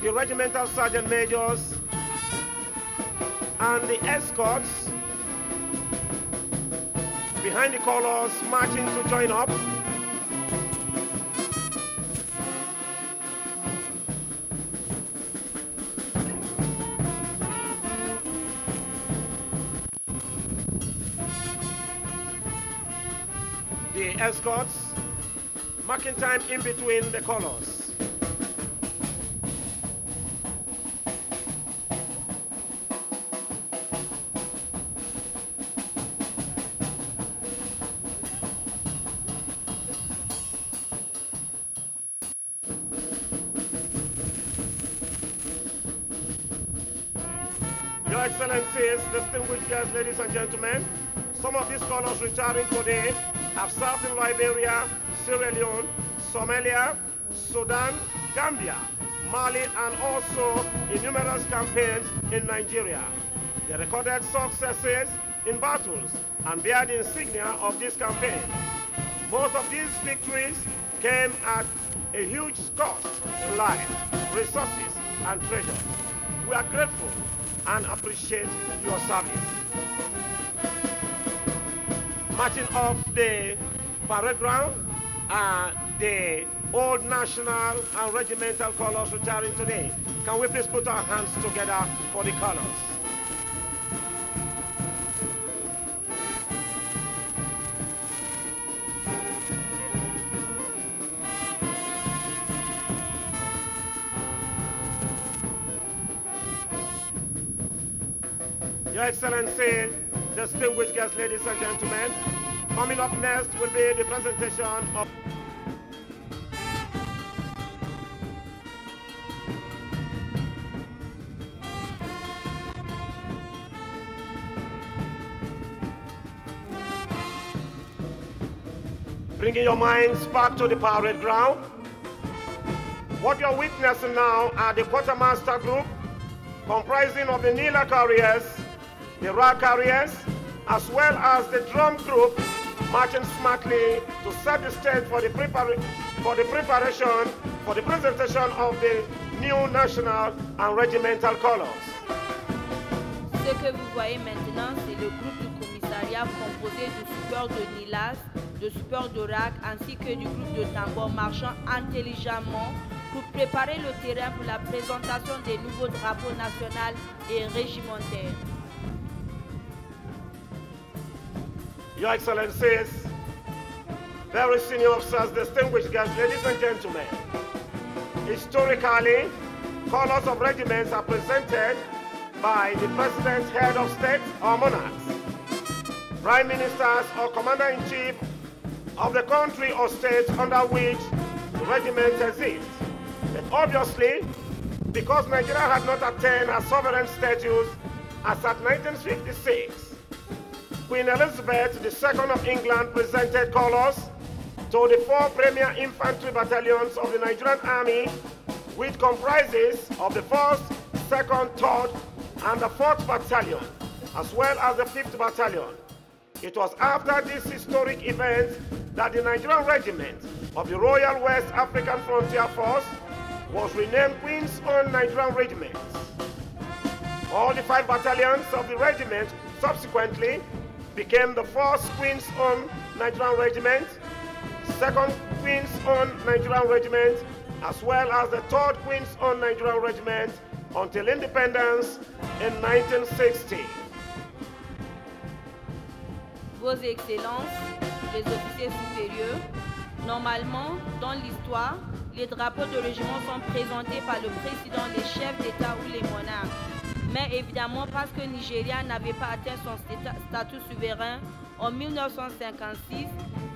the regimental sergeant majors and the escorts behind the colors marching to join up. The escorts marking time in between the colors. leaders, ladies and gentlemen. Some of these scholars retiring today have served in Liberia, Sierra Leone, Somalia, Sudan, Gambia, Mali, and also in numerous campaigns in Nigeria. They recorded successes in battles and bear the insignia of this campaign. Most of these victories came at a huge cost in life, resources, and treasure. We are grateful and appreciate your service marching off the parade ground are the old national and regimental colors retiring today. Can we please put our hands together for the colors? Your Excellency, distinguished guests, ladies and gentlemen. Coming up next will be the presentation of Bringing your minds back to the parade ground. What you're witnessing now are the quartermaster group, comprising of the Nila carriers, the raw carriers, as well as the drum group marching smartly to set the stage for the, prepar- for the preparation for the presentation of the new national and regimental Ce que vous voyez maintenant, c'est le groupe du commissariat composé du support de Nilas, du support de RAC ainsi que du groupe de tambour marchant intelligemment pour préparer le terrain pour la présentation des nouveaux drapeaux nationaux et régimentaires. Your Excellencies, very senior officers, distinguished guests, ladies and gentlemen. Historically, colors of regiments are presented by the President, Head of State or Monarchs, Prime Ministers or Commander-in-Chief of the country or state under which the regiment exists. But obviously, because Nigeria had not attained a sovereign status as at 1956, Queen Elizabeth II of England presented colors to the four premier infantry battalions of the Nigerian Army, which comprises of the 1st, 2nd, 3rd, and the 4th Battalion, as well as the 5th Battalion. It was after this historic event that the Nigerian Regiment of the Royal West African Frontier Force was renamed Queen's Own Nigerian Regiment. All the five battalions of the regiment subsequently became the first Queen's on Nigerian Regiment, second Queen's on Nigerian Regiment, as well as the third Queen's on Nigerian Regiment until independence in 1960. Vos Excellences, les officiers supérieurs, normalement, dans l'histoire, les drapeaux de régiment sont présentés par le président des chefs d'État ou les monarques. Mais évidemment, parce que Nigeria n'avait pas atteint son statut souverain en 1956,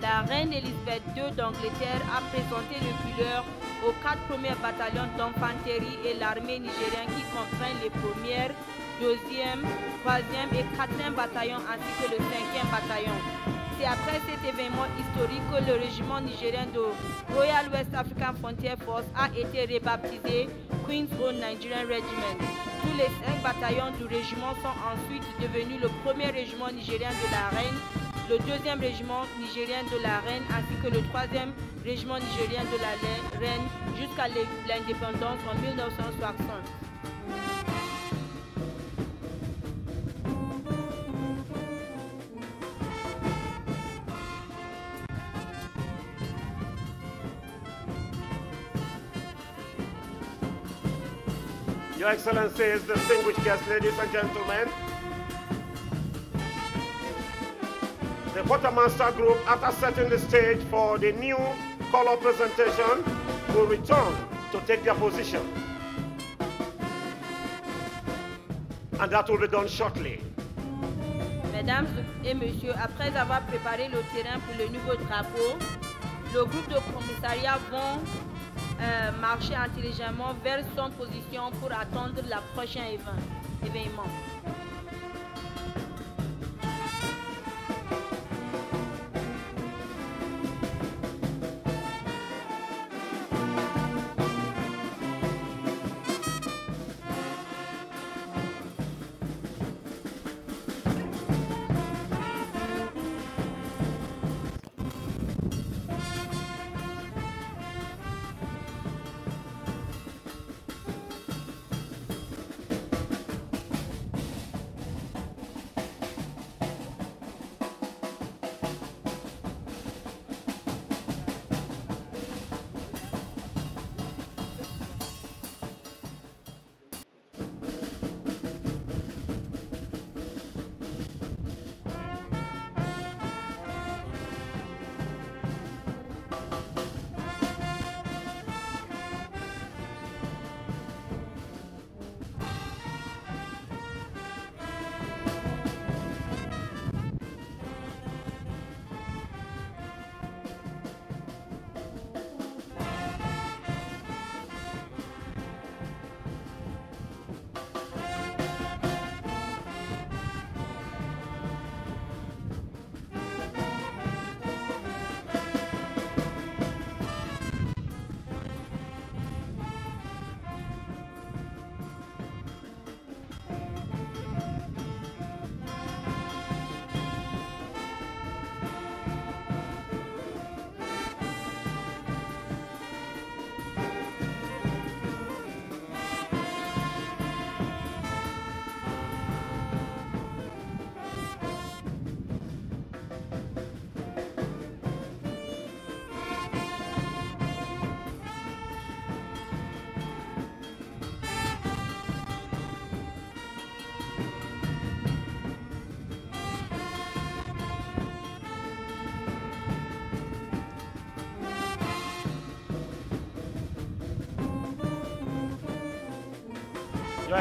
la reine Elisabeth II d'Angleterre a présenté le couleur aux quatre premiers bataillons d'infanterie et l'armée nigérienne qui contraint les premières, deuxième, troisième et quatrième bataillons ainsi que le cinquième bataillon c'est après cet événement historique que le régiment nigérien de Royal West African Frontier Force a été rebaptisé Queen's Own Nigerian Regiment. Tous les cinq bataillons du régiment sont ensuite devenus le premier régiment nigérien de la Reine, le deuxième régiment nigérien de la Reine ainsi que le troisième régiment nigérien de la Reine jusqu'à l'indépendance en 1960. Your Excellencies, distinguished guests, ladies and gentlemen, the Quartermaster Group, after setting the stage for the new color presentation, will return to take their position. And that will be done shortly. Mesdames et messieurs, après avoir préparé le terrain pour le nouveau drapeau, le groupe de commissariat vont euh, marcher intelligemment vers son position pour attendre la prochain événement.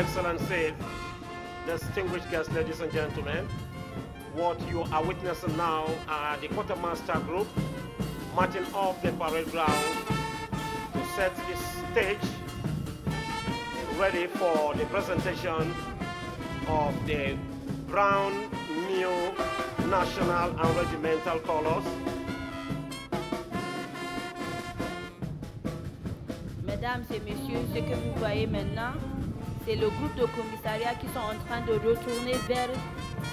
excellent distinguished guests, ladies and gentlemen, what you are witnessing now are the quartermaster group marching off the parade ground to set the stage ready for the presentation of the brown new national and regimental colors. Mesdames et messieurs, ce que vous voyez maintenant, C'est le groupe de commissariats qui sont en train de retourner vers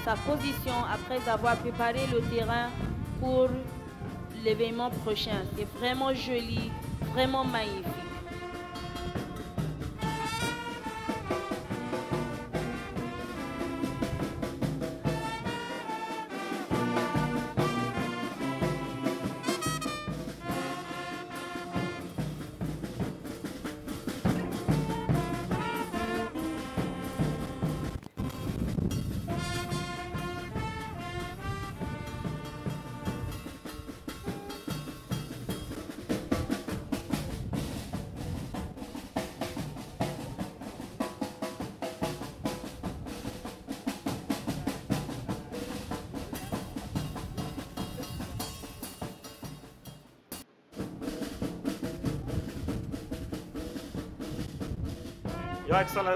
sa position après avoir préparé le terrain pour l'événement prochain. C'est vraiment joli, vraiment maïf.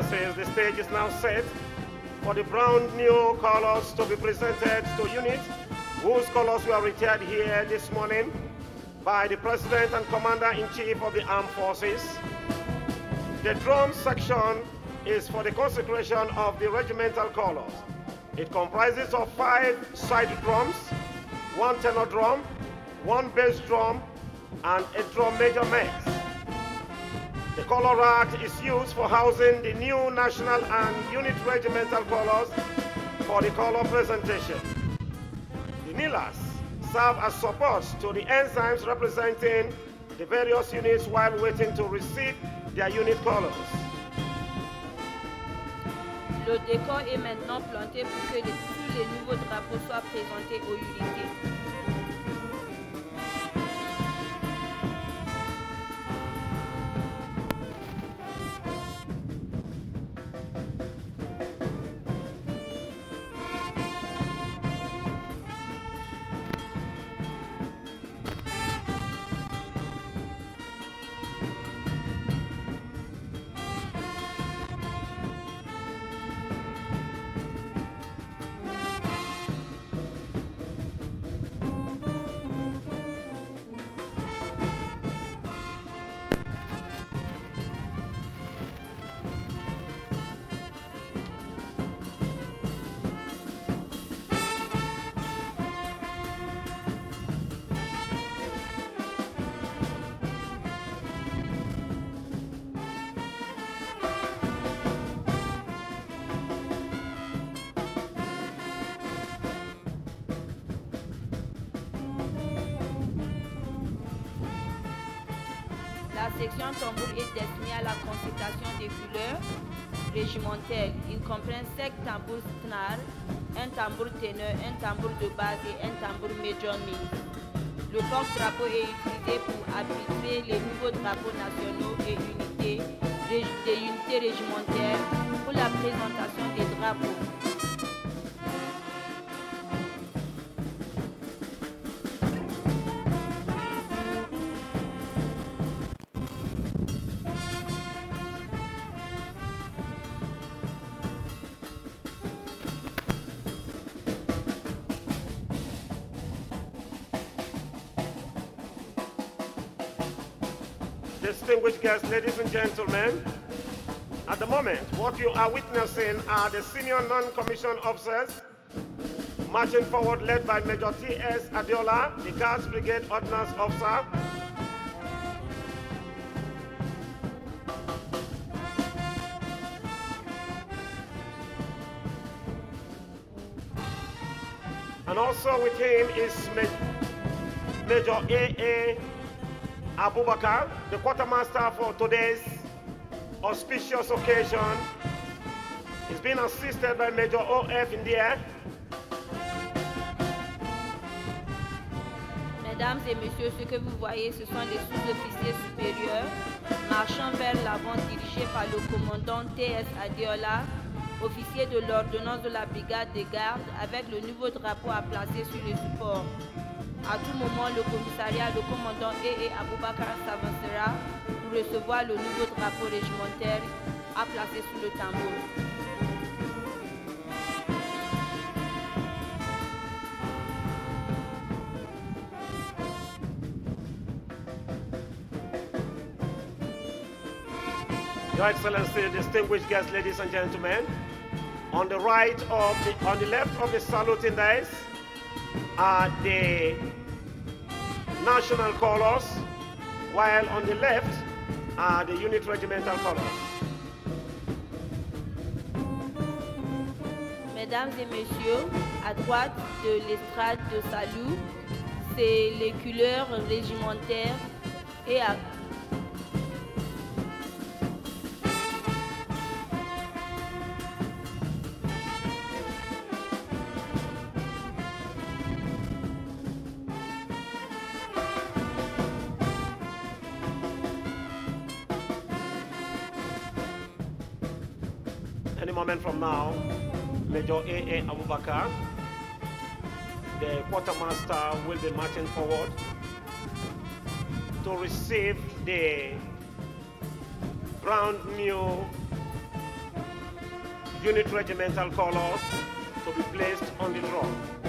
says the stage is now set for the brown new colors to be presented to units whose colors were retired here this morning by the President and Commander-in-Chief of the Armed Forces. The drum section is for the consecration of the regimental colors. It comprises of five side drums, one tenor drum, one bass drum, and a drum major mech. Color rack is used for housing the new national and unit regimental colors for the color presentation. The NILAS serve as support to the enzymes representing the various units while waiting to receive their unit colors. Le décor est maintenant planté pour que tous les nouveaux drapeaux soient présentés aux unités. drapeaux nationaux et des unités régimentaires pour la présentation des drapeaux. distinguished guests, ladies and gentlemen. At the moment, what you are witnessing are the senior non-commissioned officers marching forward led by Major T.S. Adiola, the Guards Brigade Ordnance Officer, And also with him is Major A.A. Abubakar, the quartermaster today's auspicious occasion. been assisted by Major O.F. in Mesdames et messieurs, ce que vous voyez, ce sont les sous-officiers supérieurs marchant vers l'avant dirigés par le commandant T.S. Adiola, officier de l'ordonnance de la brigade des gardes, avec le nouveau drapeau à placer sur le support. À tout moment, le commissariat, le commandant E.E. Aboubakar s'avancera pour recevoir le nouveau drapeau régimentaire à placer sous le tambour. Your Excellency, distinguished guests, ladies and gentlemen, on the right of the, on the left of the saluting dice, are the national colors, while on the left are the unit regimental colors. Mesdames et messieurs, à droite de l'estrade de Salou, c'est les couleurs régimentaires et à Abubakar. The quartermaster will be marching forward to receive the brand new unit regimental colors to be placed on the drum.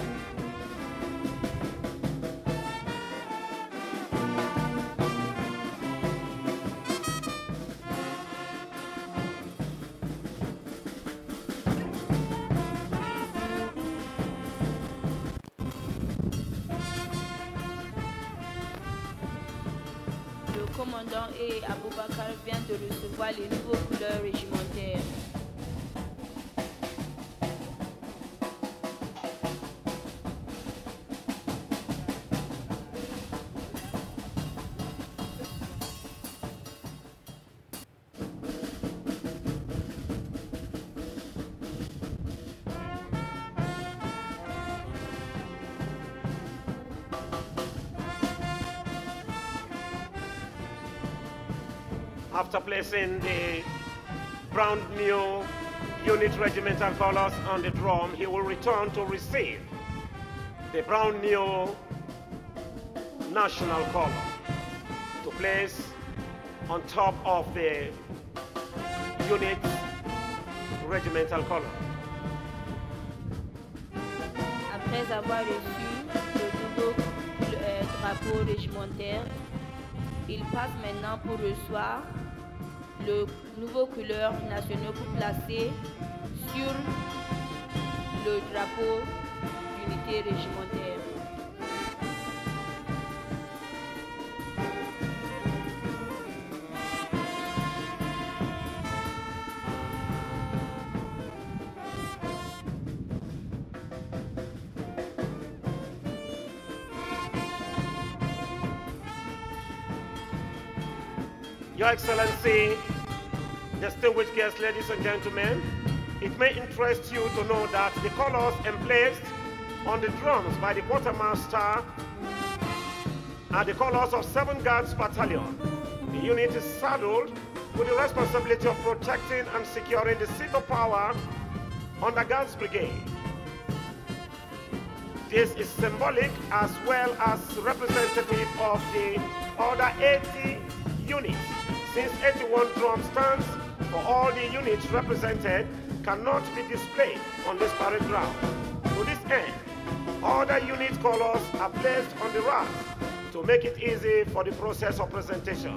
After placing the brand new unit regimental colors on the drum, he will return to receive the brown new national color to place on top of the unit regimental color. Après avoir reçu le nouveau euh, drapeau régimentaire, il passe maintenant pour recevoir le nouveau couleur national pour placer sur le drapeau d'unité régimentaire. Your Excellency, distinguished guests, ladies and gentlemen, it may interest you to know that the colors emblazed on the drums by the quartermaster are the colors of 7 Guards Battalion. The unit is saddled with the responsibility of protecting and securing the seat of power under Guards Brigade. This is symbolic as well as representative of the other 80 units since 81 drum stands for all the units represented cannot be displayed on this parade ground. To this end, other unit colors are placed on the racks to make it easy for the process of presentation.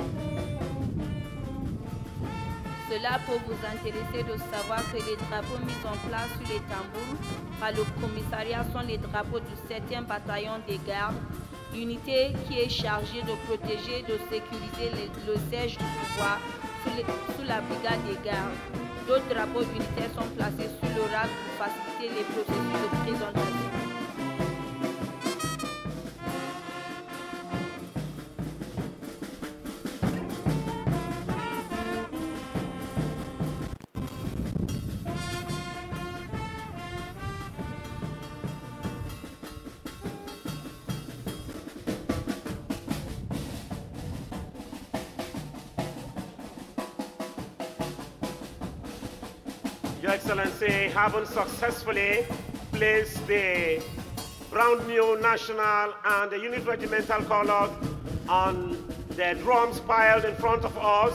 Cela pour vous intéresser de savoir que les drapeaux mis en place sur les tambours par le commissariat sont les drapeaux du 7e bataillon des gardes l'unité qui est chargée de protéger et de sécuriser le, siège du pouvoir sous, la brigade des gardes. D'autres drapeaux unitaires sont placés sur le rack pour faciliter les processus de présentation. haven't successfully placed the brand New National and the Unit Regimental Colors on the drums piled in front of us,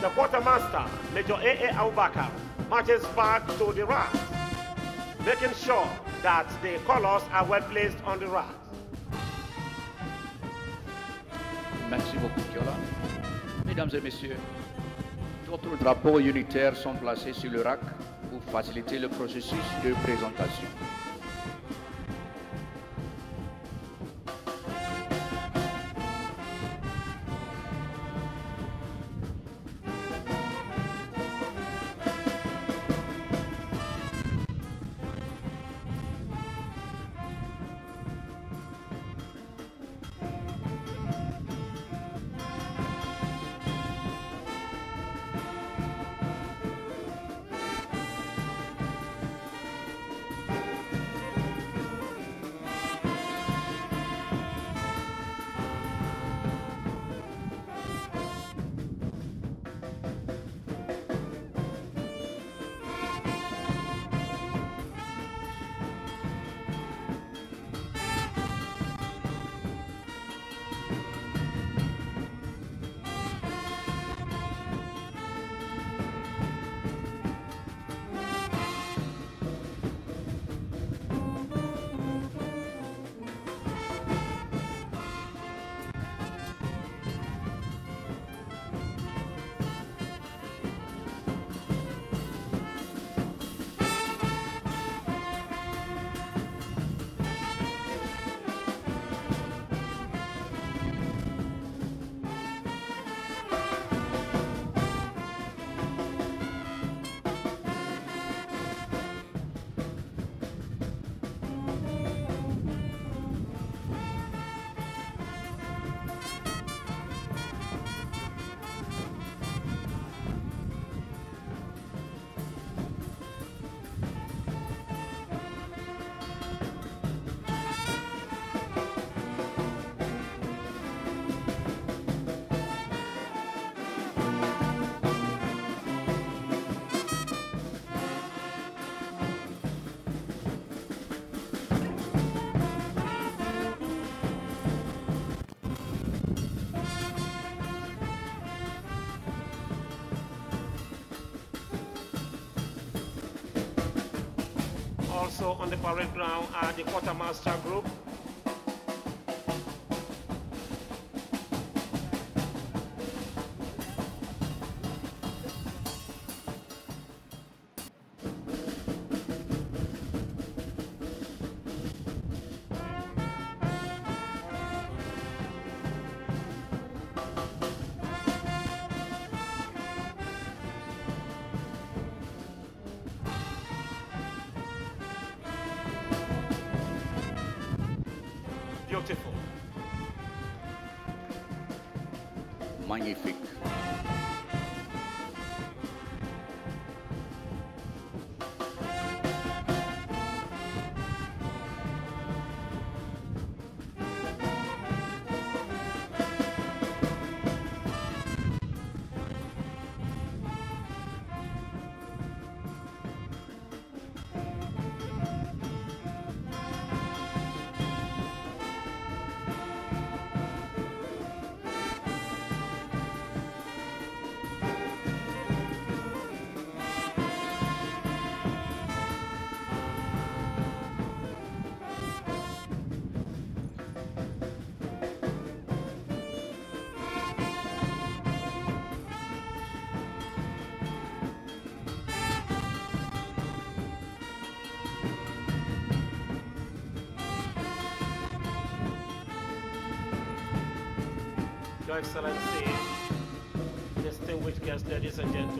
the quartermaster, Major A.A. Aubaka, marches back to the rack, making sure that the colors are well placed on the rack. Merci beaucoup, Kiola. Mesdames et messieurs, d'autres drapeaux unitaires sont placés sur le rack pour faciliter le processus de présentation. magnífic. Excellency, distinguished guests, ladies and gentlemen.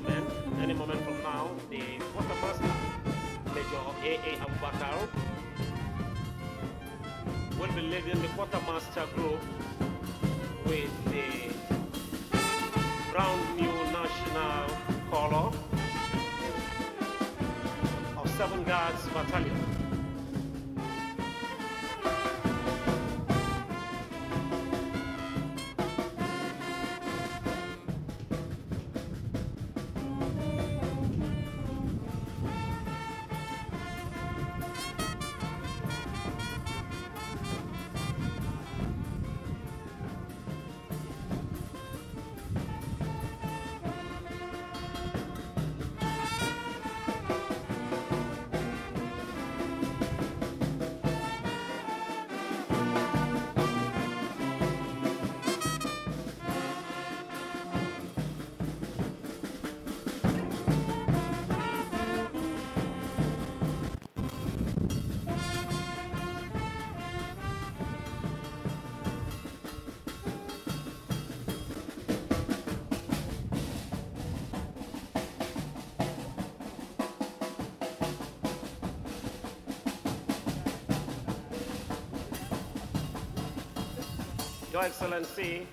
Your Excellency,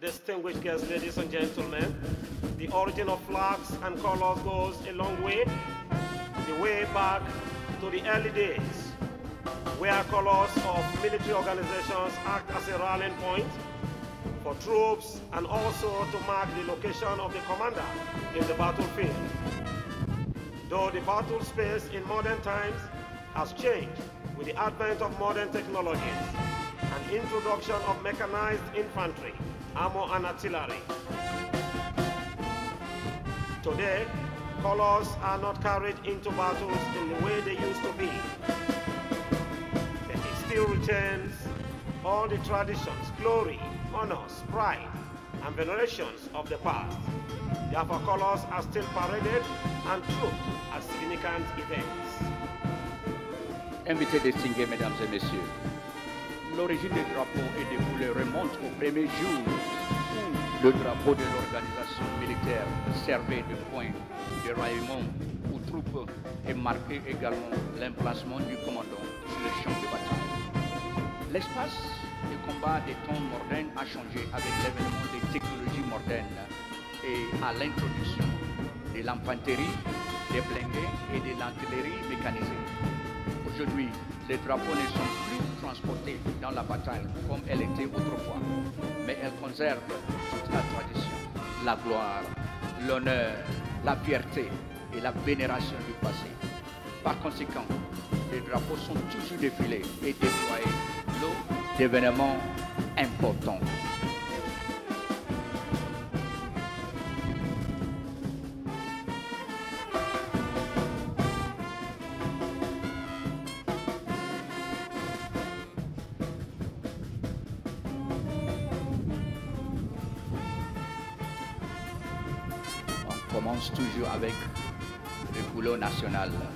distinguished guests, ladies and gentlemen, the origin of flags and colors goes a long way, the way back to the early days, where colors of military organizations act as a rallying point for troops and also to mark the location of the commander in the battlefield. Though the battle space in modern times has changed with the advent of modern technologies, introduction of mechanized infantry, armor and artillery. Today, colors are not carried into battles in the way they used to be. But it still retains all the traditions, glory, honors, pride, and venerations of the past. Therefore, colors are still paraded and trooped as significant events. Invité distingué, mesdames et messieurs, L'origine des drapeaux et des couleurs remonte au premier jour où le drapeau de l'organisation militaire servait de point de raillement aux troupes et marquait également l'emplacement du commandant sur le champ de bataille. L'espace de combat des temps modernes a changé avec l'événement des technologies modernes et à l'introduction de l'infanterie, des blindés et de l'artillerie mécanisée. Aujourd'hui, les drapeaux ne sont plus transportés dans la bataille comme elles était autrefois, mais elles conservent toute la tradition, la gloire, l'honneur, la fierté et la vénération du passé. Par conséquent, les drapeaux sont toujours défilés et déployés lors d'événements importants. الله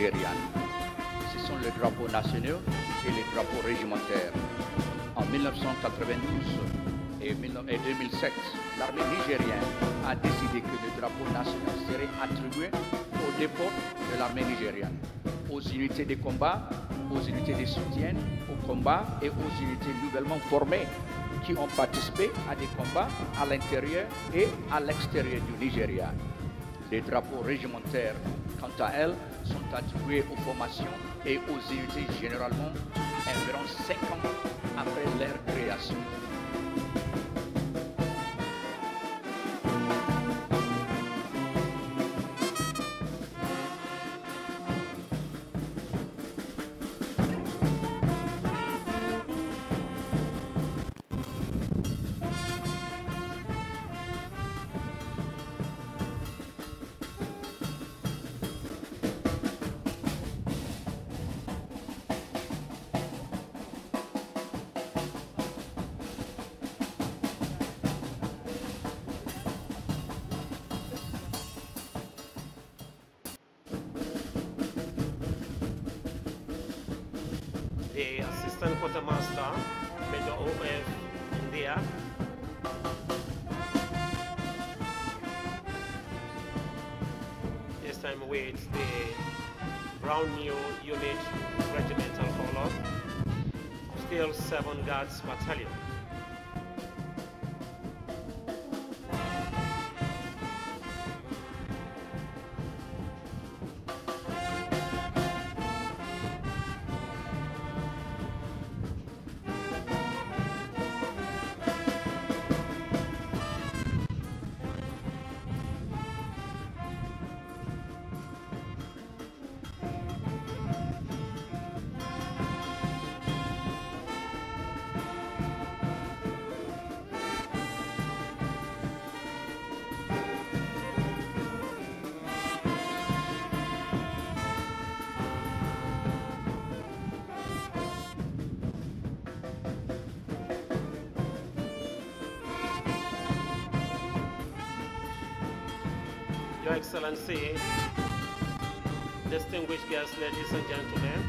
Ce sont les drapeaux nationaux et les drapeaux régimentaires. En 1992 et 2007, l'armée nigérienne a décidé que les drapeaux nationaux seraient attribués aux dépôts de l'armée nigérienne, aux unités de combat, aux unités de soutien au combat et aux unités nouvellement formées qui ont participé à des combats à l'intérieur et à l'extérieur du Nigeria. Les drapeaux régimentaires, quant à elles, attribués aux formations et aux unités généralement environ 5 ans après leur création. Imperial 7 Guards Battalion. can see, distinguished guests, ladies and gentlemen,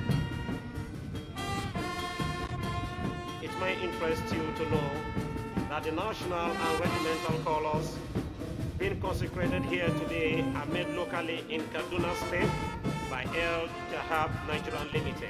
it may interest you to know that the national and regimental colors being consecrated here today are made locally in Kaduna State by El Jahab Nigeria Limited.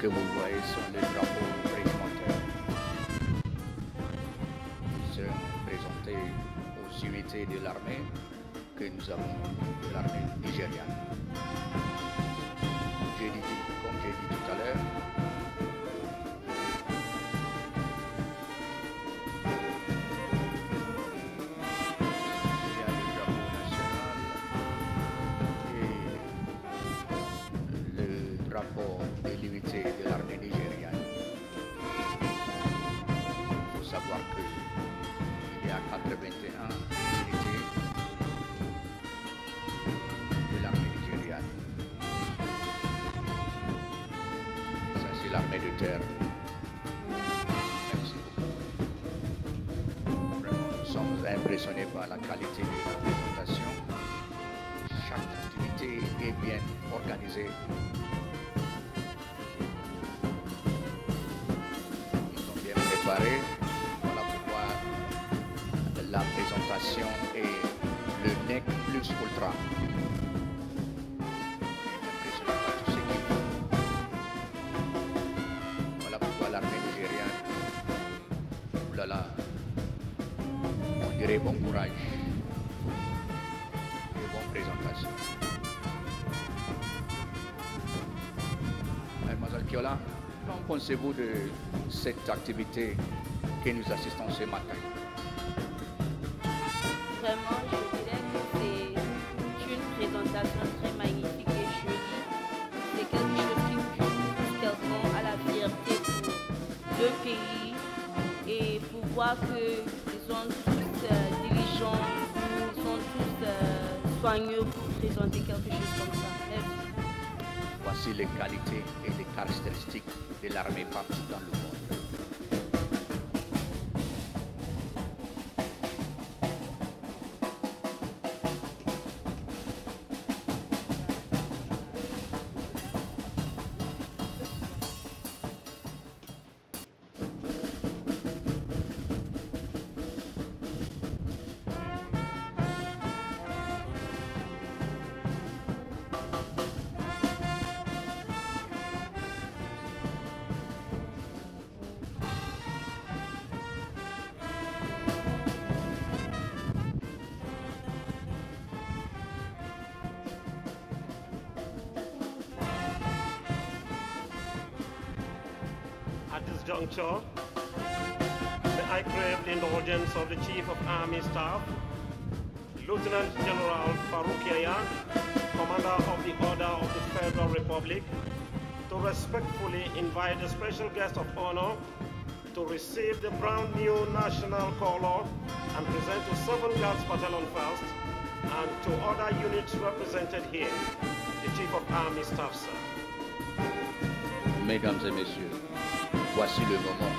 que vous voyez sont les drapeaux réglementaires. Ils sont présentés aux unités de l'armée que nous avons présentation. Mademoiselle Kiola, qu'en pensez-vous de cette activité que nous assistons ce matin Vraiment, je dirais que c'est une présentation très magnifique et jolie. C'est quelque chose qui sont à la fierté de deux pays et pour voir que ils ont tous euh, Hein? Voici les qualités et les caractéristiques de l'armée partie Mesdames et messieurs, voici le moment.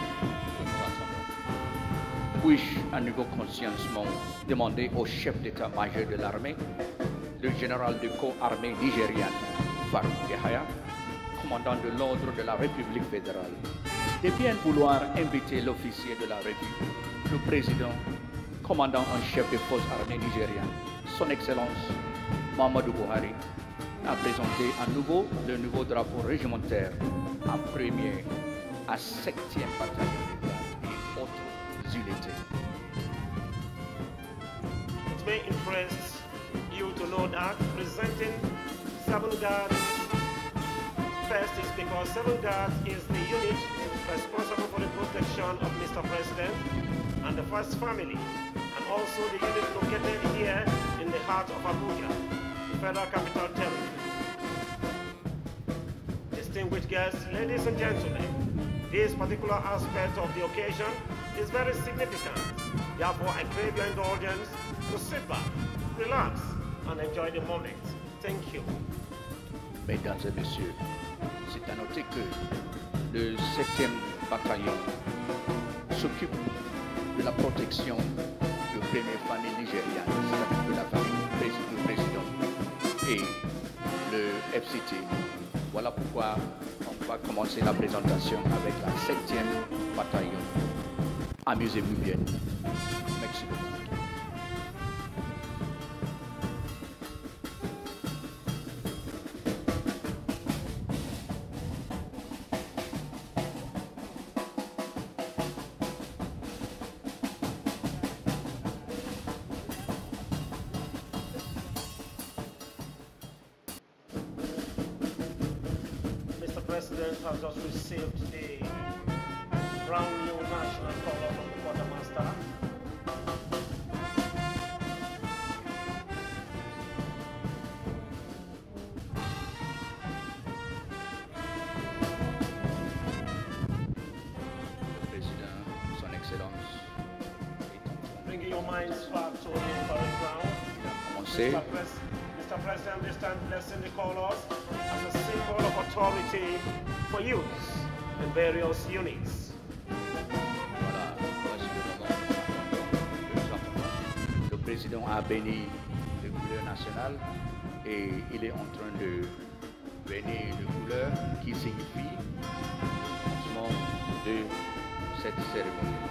Puis-je, à nouveau consciencement, demander au chef d'état-major de l'armée, le général de corps armée nigériane, Farouk Yahya, commandant de l'ordre de la République fédérale, de bien vouloir inviter l'officier de la République, le président, commandant en chef des forces armées nigériennes, Son Excellence Mamadou Buhari, a présenté à nouveau le nouveau drapeau régimentaire en premier à 7e bataillon et autres unités. It may interest you to know that presenting Seven Guards first is because Seven Guards is the unit responsible for the protection of Mr. President and the first family, and also the unit located here in the heart of Abuja, the federal capital territory distinguished guests, ladies and gentlemen, this particular aspect of the occasion is very significant. Therefore, I crave your indulgence to sit back, relax, and enjoy the moment. Thank you. Mesdames et messieurs, c'est à noter que le 7e bataillon s'occupe de la protection de première famille nigériane, cest de la famille du président et le FCT voilà pourquoi on va commencer la présentation avec la 7e bataillon. Amusez-vous bien. Merci beaucoup. et il est en train de venir une couleur qui signifie le commencement de cette cérémonie.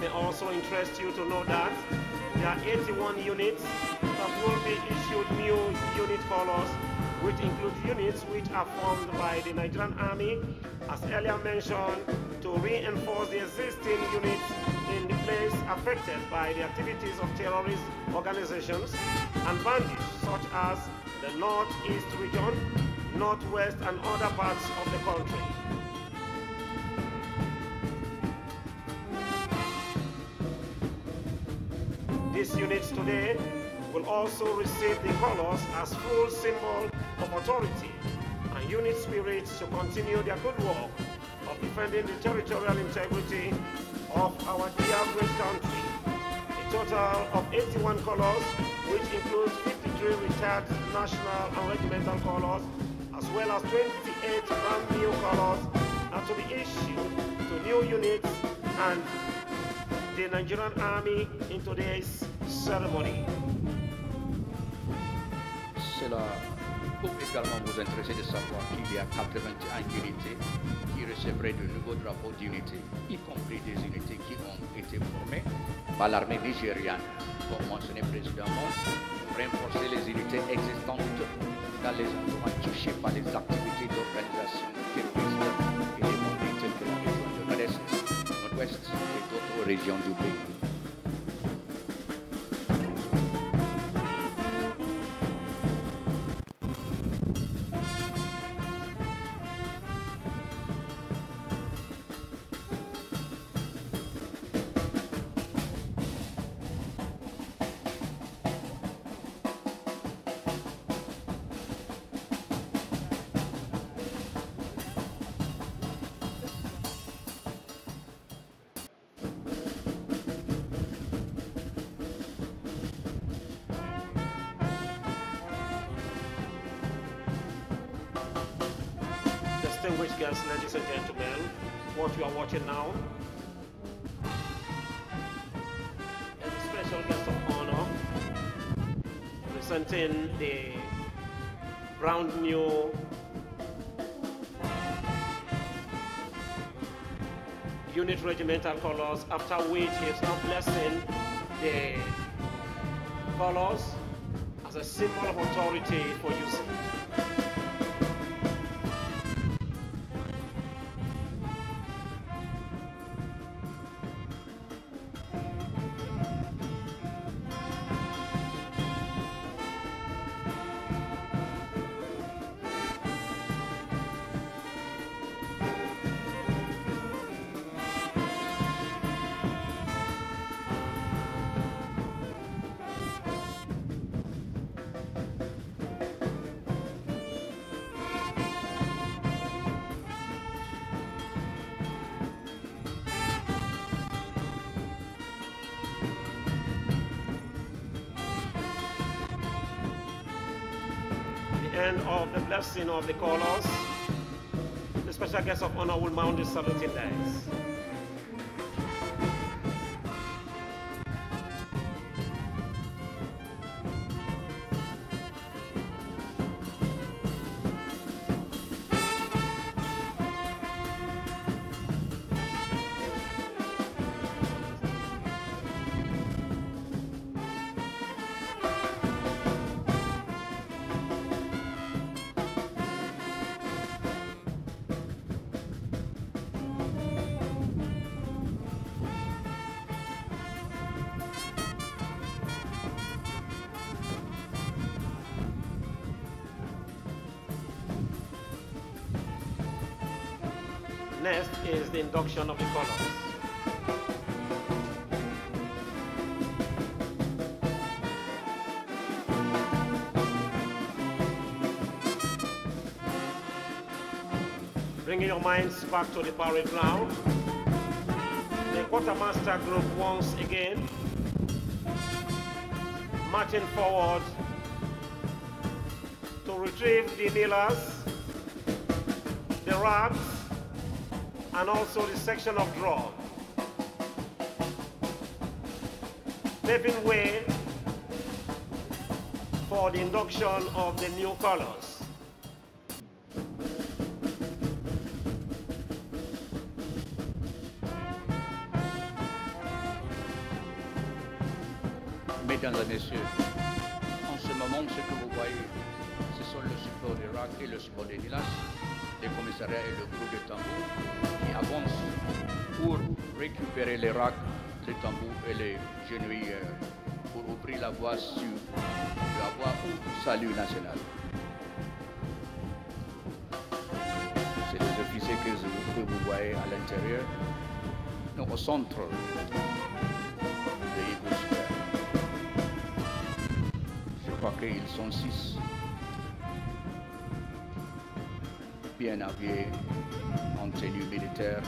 May also interest you to know that there are 81 units that will be issued new unit colors, which include units which are formed by the Nigerian Army, as earlier mentioned, to reinforce the existing units in the place affected by the activities of terrorist organizations and bandits such as the northeast region, northwest and other parts of the country. These units today will also receive the colors as full symbol of authority and unit spirit to continue their good work of defending the territorial integrity of our dear great country. A total of 81 colors, which includes 53 retired national and regimental colors, as well as 28 brand new colors, are to be issued to new units and the Nigerian Army in today's ceremony. Cela peut également vous intéresser de savoir qu'il y a 81 unités recevraient de nouveaux drapeaux d'unités, y compris des unités qui ont été formées par l'armée nigériane. Comme mentionné précédemment, pour renforcer les unités existantes dans les endroits touchés par les activités d'organisation terroriste et les mondes tels que la région de l'Est, Nord-Ouest et d'autres régions du pays. unit regimental colors, after which is blessing the colors as a symbol of authority for usage. of the callers. The special guest of honor will mount the salute today. induction of the colors. Bringing your minds back to the parade ground. The quartermaster group once again, marching forward to retrieve the kneelers, the rags, and also the section of draw, Paving way for the induction of the new colors. Mesdames et Messieurs, en ce moment, ce que vous voyez, ce sont le support du Rack et le support des Lilas. les commissariats et le groupe de tambour qui avancent pour récupérer les racks, les tambours et les genouillères pour ouvrir la voie sur la voie au salut national. C'est les officiers que vous, voyez à l'intérieur, donc au centre de l'église. Je crois qu'ils sont six. bien habillé en tenue militaire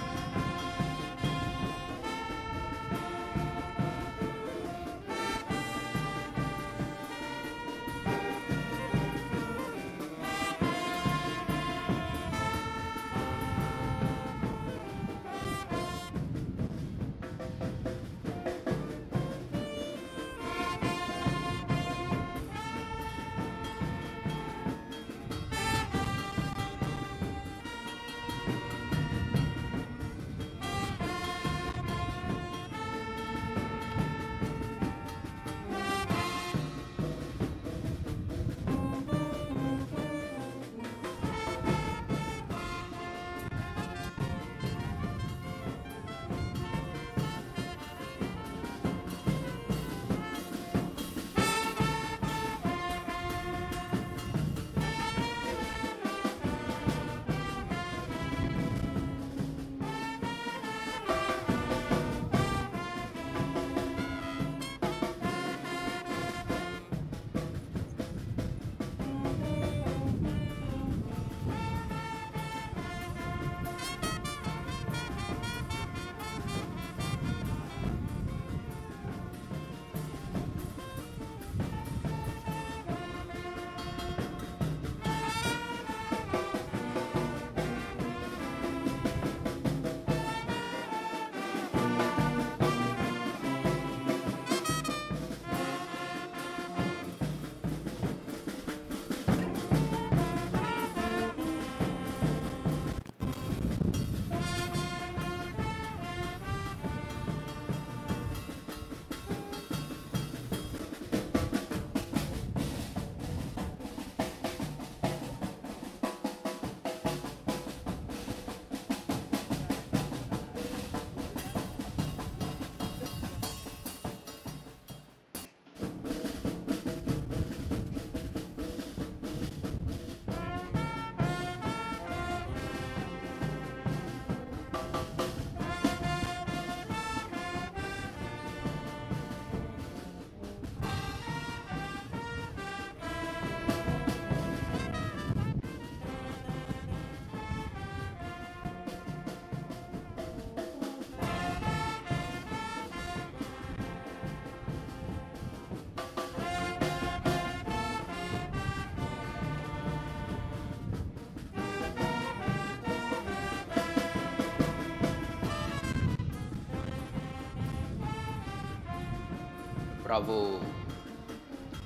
Bravo,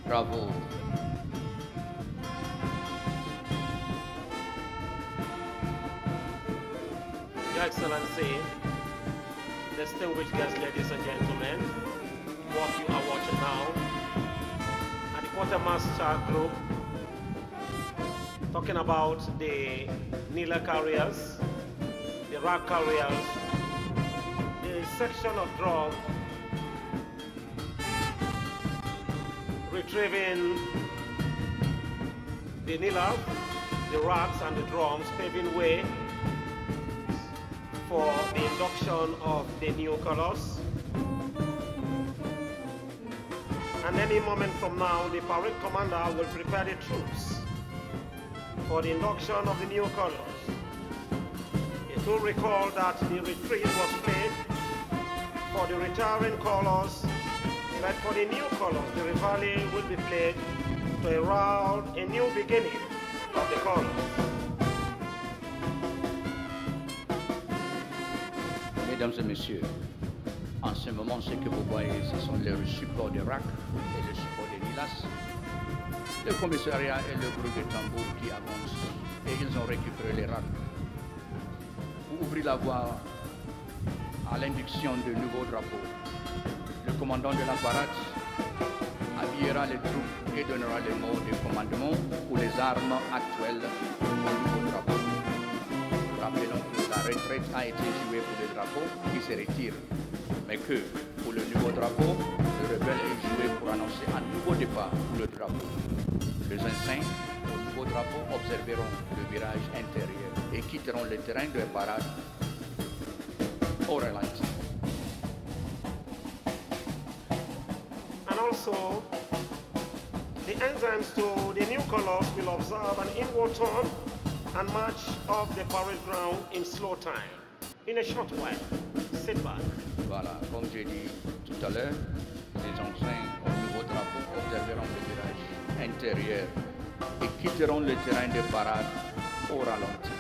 bravo, Your Excellency, distinguished guests, ladies and gentlemen, what you are watching now at the Quartermaster Group talking about the Nila carriers, the rock carriers, The nilab, the rocks and the drums paving way for the induction of the new colors. And any moment from now, the parade commander will prepare the troops for the induction of the new colors. It will recall that the retreat was played for the retiring colors, but for the new colors, the reveille will be played a a new beginning Mesdames et messieurs, en ce moment, ce que vous voyez, ce sont les supports de RAC et les supports de Nilas. Le commissariat et le groupe de tambour qui avancent et ils ont récupéré les RAC. Vous ouvrez la voie à l'induction de nouveaux drapeaux. Le commandant de la aura les troupes et donnera les mots de commandement pour les armes actuelles nouveau drapeau. Rappelons que la retraite a été jouée pour le drapeau qui se retire, mais que pour le nouveau drapeau, le rebelle est joué pour annoncer un nouveau départ pour le drapeau. Les enceintes au nouveau drapeau observeront le virage intérieur et quitteront le terrain de parade au ralenti. And The enzymes to the new colors will observe an inward turn and march off the parade ground in slow time. In a short while, sit back. Voilà, comme j'ai dit tout à l'heure, les enseignes au nouveau drapeau observeront le virage intérieur et quitteront le terrain de parade au ralenti.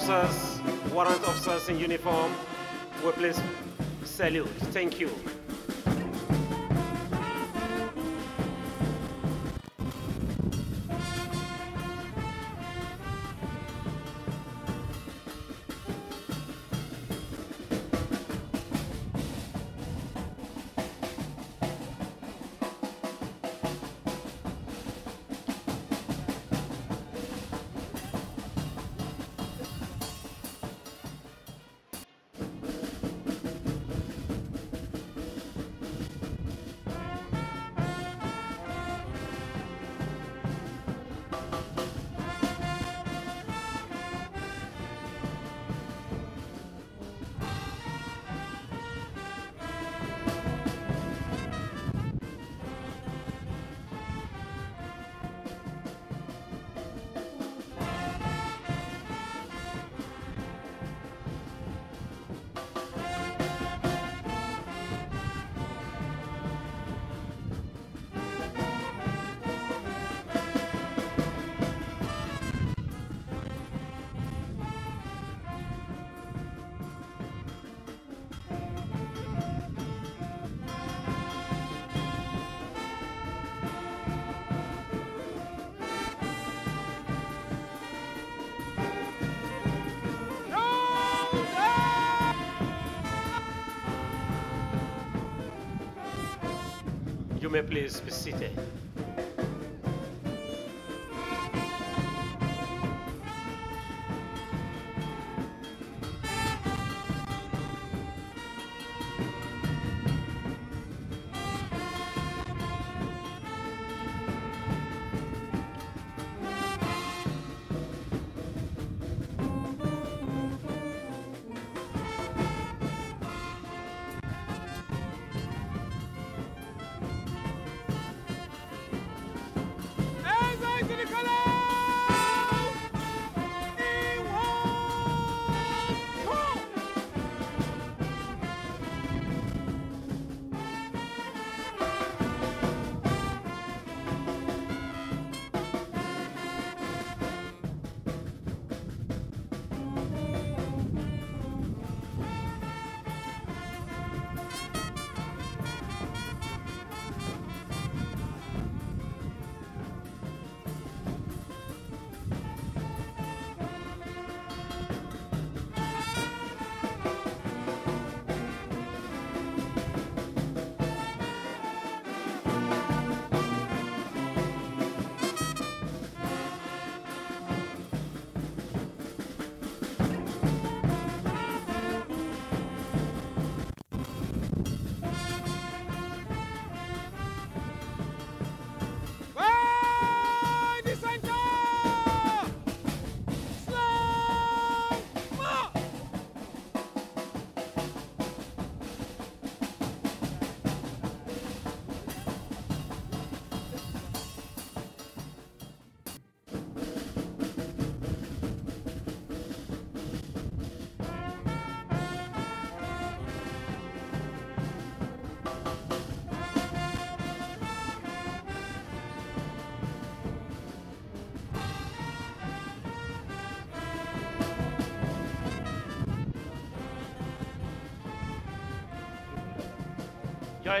officers, warrant officers in uniform, we please salute. Thank you. may please be seated.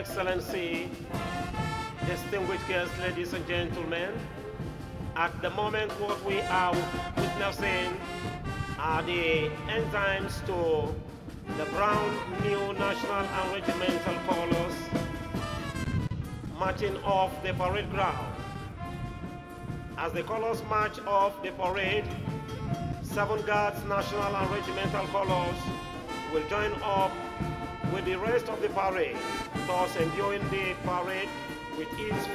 Excellency, distinguished guests, ladies and gentlemen, at the moment what we are witnessing are the enzymes to the brown new national and regimental colors marching off the parade ground. As the colors march off the parade, Seven Guards national and regimental colors will join up with the rest of the parade. us the parade with its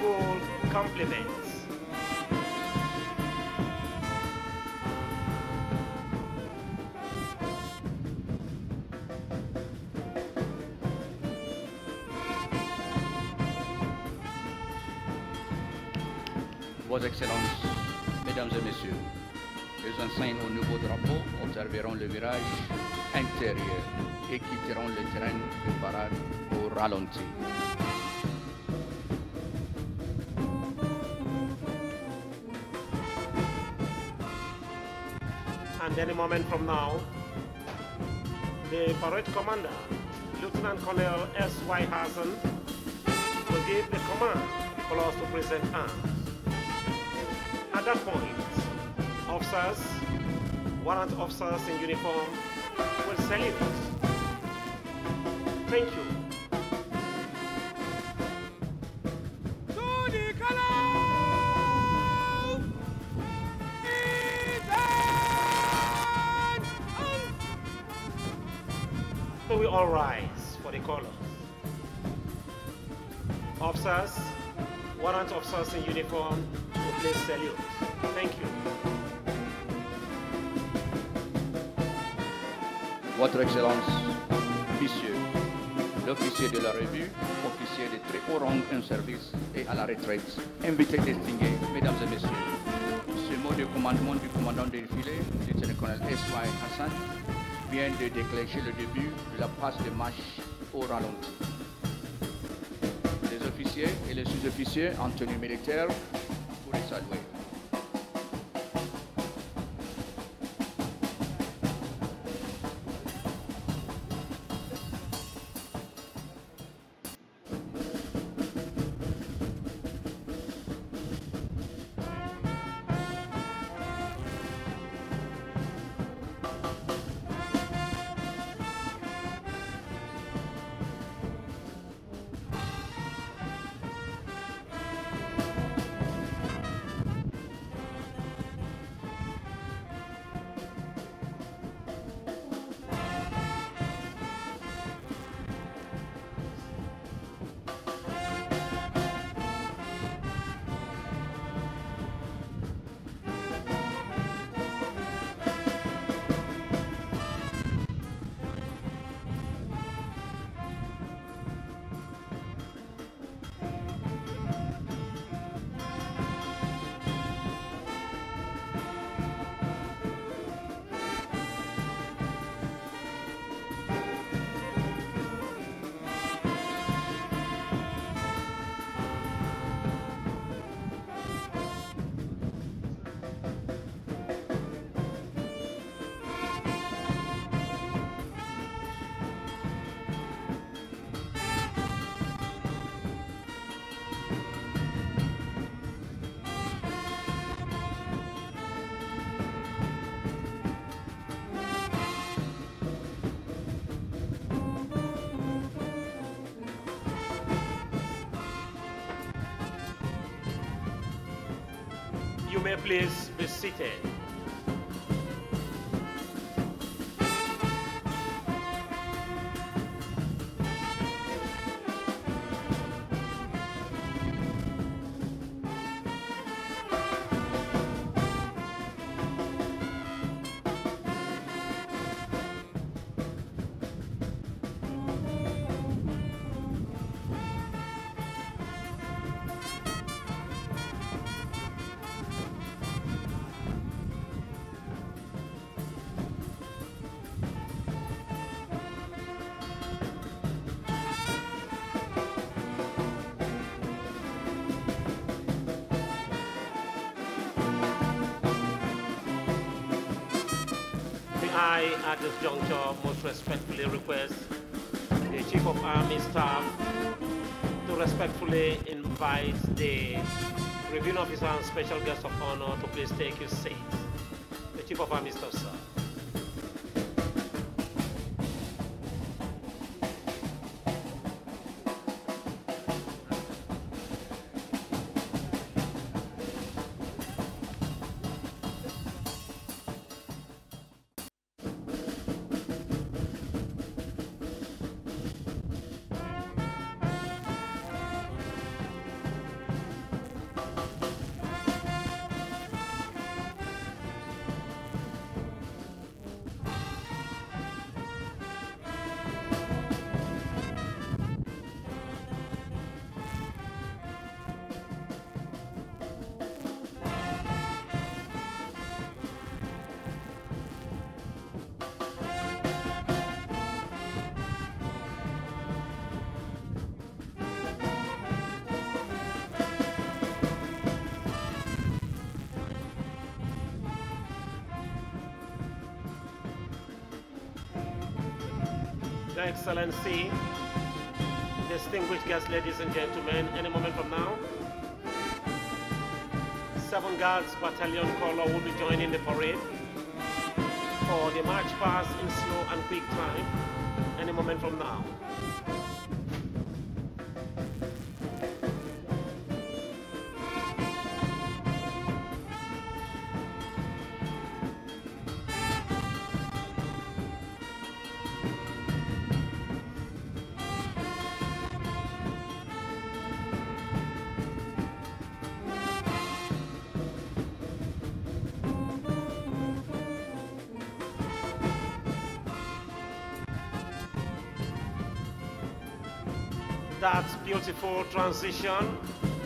compliments. Vos Excellences, Mesdames et Messieurs, les enseignes au nouveau drapeau observeront le virage intérieur et quitteront le terrain de parade And any moment from now, the parade commander, Lieutenant Colonel S.Y. Hassan, will give the command for us to present arms. At that point, officers, warrant officers in uniform will salute Thank you. we all rise for the colors? Officers, warrant officers in uniform to please salute. Thank you. Votre Excellence, Monsieur, l'officier de la revue, officier de très haut rang en service et à la retraite, invité distingué, mesdames et messieurs, ce mot de commandement du commandant de filet, lieutenant-colonel S.Y. Hassan, vient de déclencher le début de la passe de marche au ralenti. Les officiers et les sous-officiers en tenue militaire respectfully request the Chief of Army Staff to respectfully invite the review Officer and Special Excellency, distinguished guests, ladies and gentlemen, any moment from now, 7 Guards Battalion Color will be joining the parade for the march past in slow and quick time any moment from now. for transition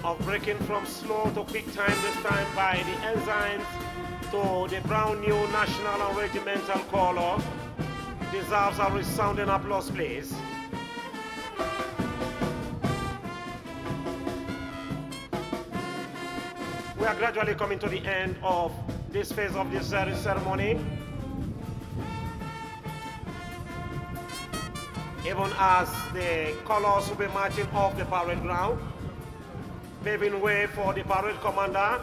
of breaking from slow to quick time this time by the enzymes to the brown new national and regimental color deserves a resounding applause please. We are gradually coming to the end of this phase of this ceremony. Even as the colors will be sur off the parade ground, paving way for the parade commander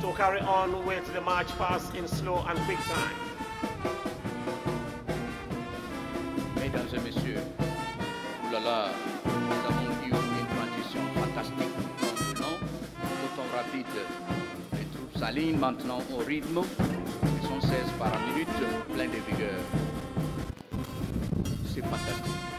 to carry on with the march pass in slow and quick time. Mesdames et messieurs, oulala, oh nous avons eu une transition fantastique Maintenant, autant temps rapide. Les troupes s'alignent maintenant au rythme 16 par minute, plein de vigueur. C'est fantastique.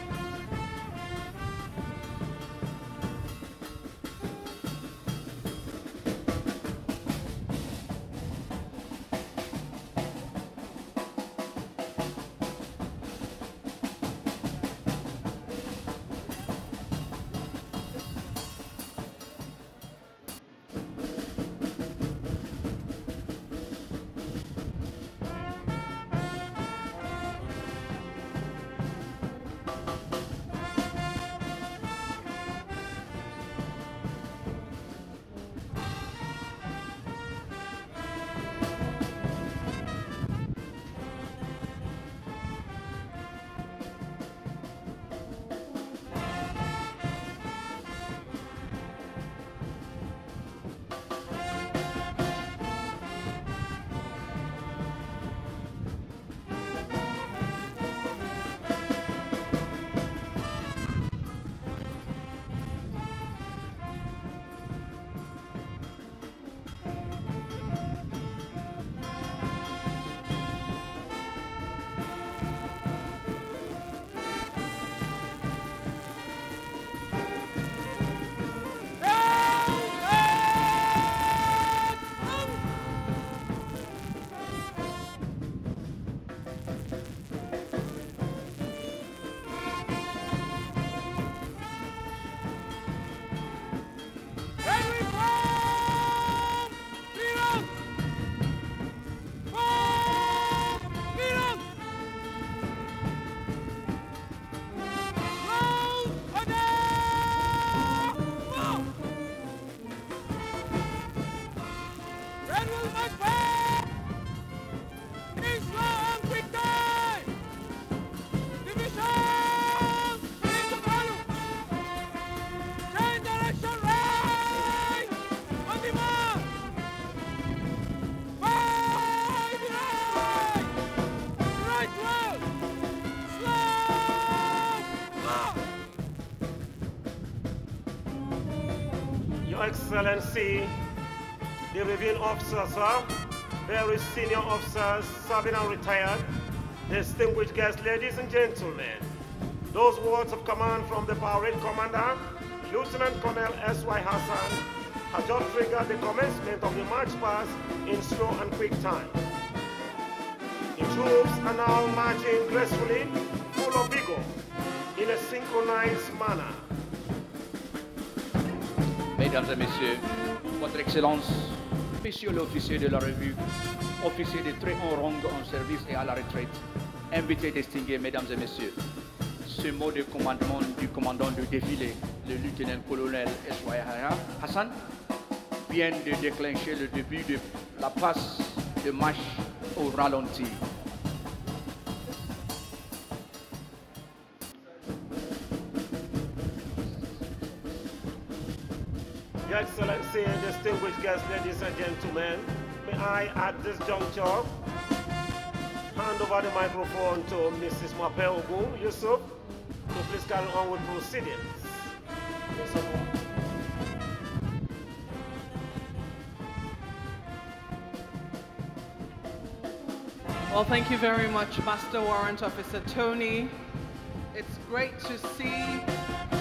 officers, very senior officers, serving and retired, distinguished guests, ladies and gentlemen. Those words of command from the parade commander, Lieutenant Colonel S.Y. Hassan, have just triggered the commencement of the march past in slow and quick time. The troops are now marching gracefully, full of vigor, in a synchronized manner. Mesdames et messieurs, Votre Excellence, spécial officier de la revue, officier de très haut rang en service et à la retraite, invités distingués, mesdames et messieurs. Ce mot de commandement du commandant de défilé, le lieutenant-colonel Eswaya Hassan, vient de déclencher le début de la passe de marche au ralenti. distinguished guests, ladies and gentlemen, may I, at this juncture, hand over the microphone to Mrs. Mapelgo Yusuf to please carry on with proceedings. Well, thank you very much, Master Warrant Officer Tony. It's great to see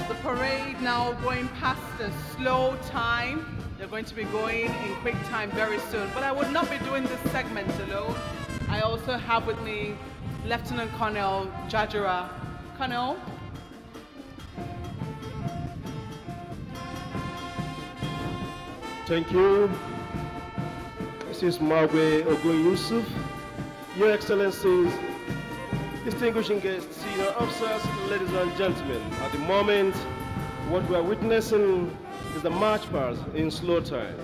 the parade now going past a slow time. They're going to be going in quick time very soon. But I would not be doing this segment alone. I also have with me Lieutenant Colonel Jajira. Colonel, Thank you. This is Magwe Ogun Yusuf. Your Excellencies, distinguished guests, senior officers, ladies and gentlemen, at the moment, what we are witnessing is the march past in slow time.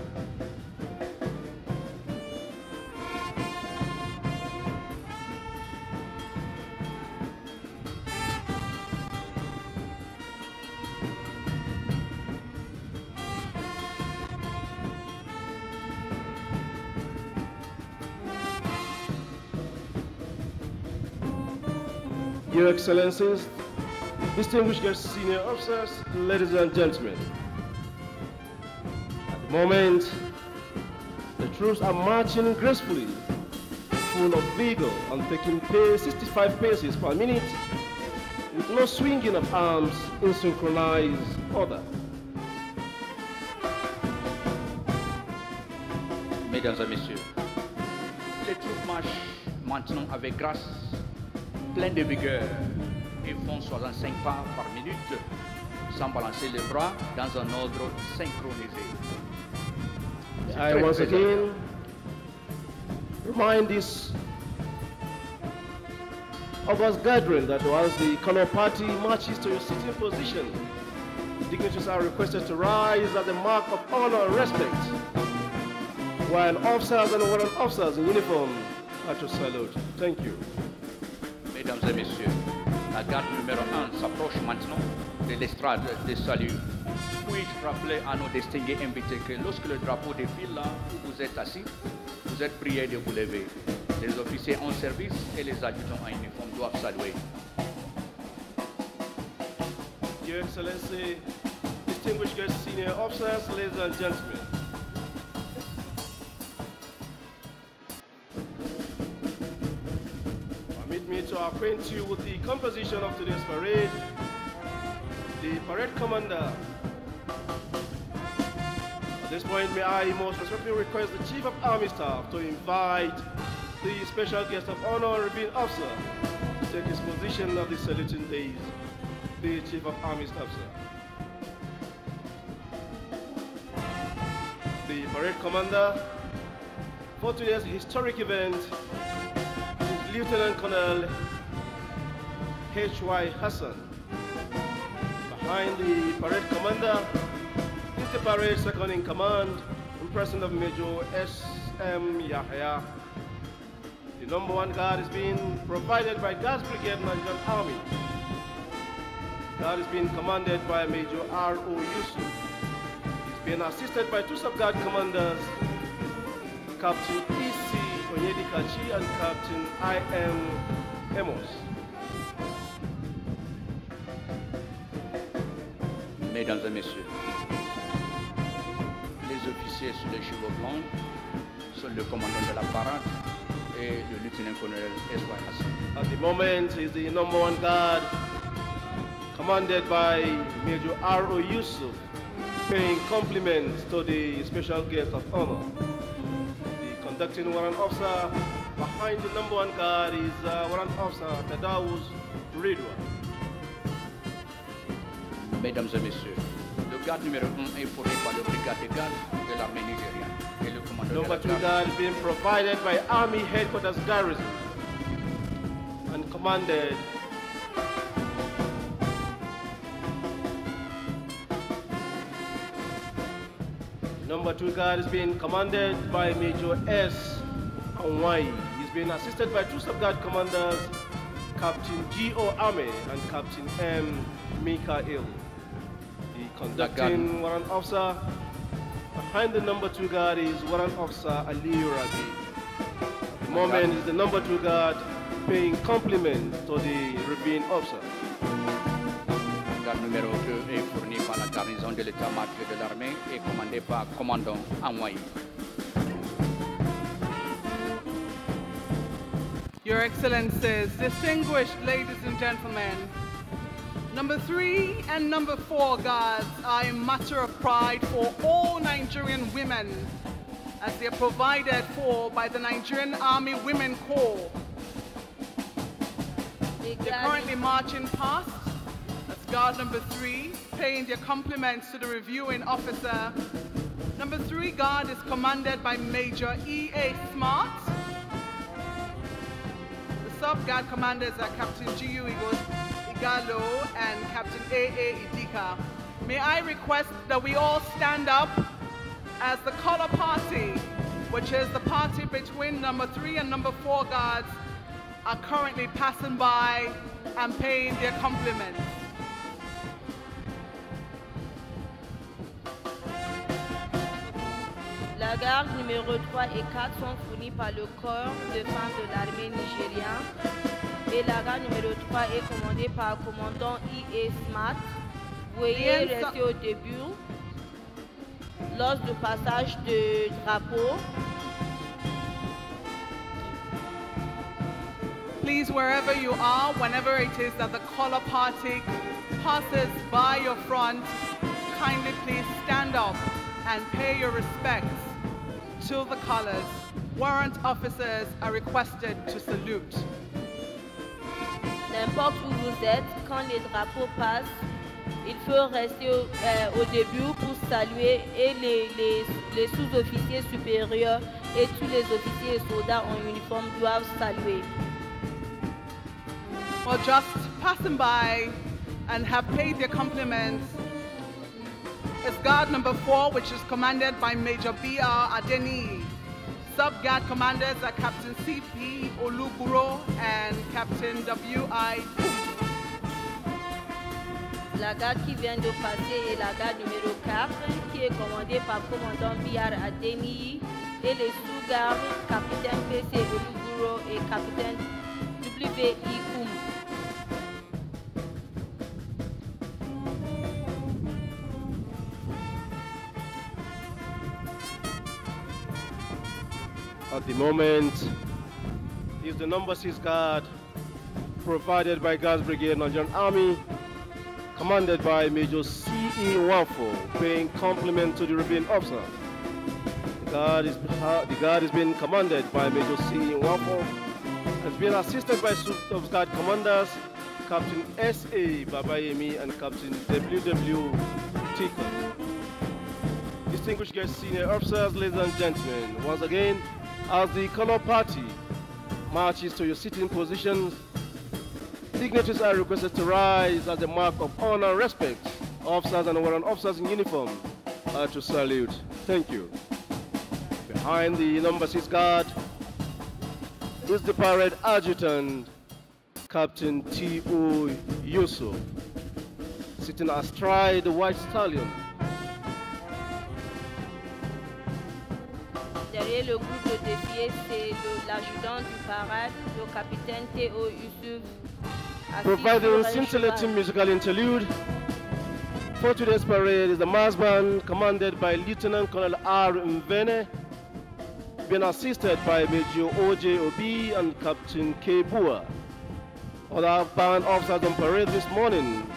Your Excellencies, distinguished senior officers, ladies and gentlemen moment, the troops are marching gracefully, full of vigor and taking pace 65 paces per minute with no swinging of arms in synchronized order. Mesdames et messieurs, les troupes marchent maintenant avec grâce, pleine de vigueur et font 65 pas par minute sans balancer les bras dans un ordre synchronisé. I once again remind this of us gathering that once the color party marches to your sitting position, dignitaries are requested to rise as a mark of honor and respect, while officers and warrant officers in uniform are to salute. Thank you. Mesdames et messieurs, la garde numéro 1 s'approche maintenant. de l'estrade de salut. Puis-je rappeler à nos distingués invités que lorsque le drapeau défile là où vous êtes assis, vous êtes priés de vous lever. Les officiers en service et les adjutants en uniforme doivent saluer. Your Excellency, distinguished guests, senior officers, ladies and gentlemen. Permit me to acquaint you with the composition of today's parade the parade commander. At this point, may I most respectfully request the Chief of Army Staff to invite the special guest of honor, Rabin Officer, to take his position of the saluting days. The Chief of Army Staff, sir. The parade commander for today's historic event is Lieutenant Colonel H.Y. Hassan. I am the parade commander. This is the parade second in command, in person of Major S.M. Yahya. The number one guard is being provided by Gas Brigade Manjun Army. Guard is being commanded by Major R.O. Yusuf. He's being assisted by two sub-guard commanders, Captain E.C. Kachi and Captain I.M. Emos. Mesdames et messieurs, les officiers sur les chevaux blancs sont le commandant de la parade et le lieutenant-colonel Hassan. At the moment is the number one guard commanded by Major R.O. Yusuf paying compliments to the special guest of honor. The conducting warrant officer behind the number one guard is uh, warrant officer Tadawus Ridwan. Mesdames et messieurs, le garde numéro 1 est fourni par le brigade de garde de l'armée nigériane. Et le commandant Number de la garde... being provided by Army Headquarters Garrison and commanded Number two guard is being commanded by Major S. Anwai. He's being assisted by two sub-guard commanders, Captain G.O. Ame and Captain M. Mikael. Conducting Warrant Officer. Behind the number two guard is Warrant Officer Ali Rabi. The moment is the number two guard paying compliments to the Rabin officer. Garde numéro 2 est fourni par la garnison de l'état-major de l'armée et commandé par commandant Amway. Your Excellencies, distinguished ladies and gentlemen, Number three and number four, guys, are a matter of pride for all Nigerian women as they are provided for by the Nigerian Army Women Corps. They're currently marching past. That's guard number three, paying their compliments to the reviewing officer. Number three guard is commanded by Major E.A. Smart. The sub guard commanders are Captain G.U. Eagles Gallo and Captain A.A. Idika. May I request that we all stand up as the color party, which is the party between number three and number four guards, are currently passing by and paying their compliments. La garde numéro 3 et 4 sont fournies par le corps de femmes de l'armée et numéro 3 est par commandant IE Smart. Veuillez rester au début lors du passage de drapeau. Please, wherever you are, whenever it is that the color party passes by your front, kindly please stand up and pay your respects to the colors. Warrant officers are requested to salute. N'importe où vous êtes, quand les drapeaux passent, il faut rester au, euh, début pour saluer et les, sous-officiers supérieurs et tous les officiers et soldats en uniforme doivent saluer. Or just passing by and have paid their compliments It's guard number four, which is commanded by Major B.R. Adeni. Sub-Guard commanders are Captain C.P. Oluguro and Captain W.I. La garde qui vient de passer est la garde numéro 4, qui est commandée par commandant Biar Ademi. et les sous-gardes capitaine P.C. Oluguro et capitaine W.I. at the moment is the number six guard provided by Guards Brigade Nigerian Army, commanded by Major C.E. Wafo, paying compliment to the European officer. The guard is, the guard is being commanded by Major C.E. Wafo, has been assisted by Sub Guard commanders Captain S.A. Babayemi and Captain W.W. Tika. Distinguished guest senior officers, ladies and gentlemen, once again, as the color party marches to your sitting positions, dignitaries are requested to rise as a mark of honor and respect. Officers and warrant officers in uniform are to salute. Thank you. Behind the number six guard is the parade adjutant, Captain T.O. Yusuf, sitting astride the white stallion et le groupe de c'est l'adjudant du parade, le capitaine Théo Providing a scintillating musical interlude for today's parade is the mass band commanded by Lieutenant Colonel R. Mvene, being assisted by Major O.J. Obi and Captain K. Bua. Other band officers on parade this morning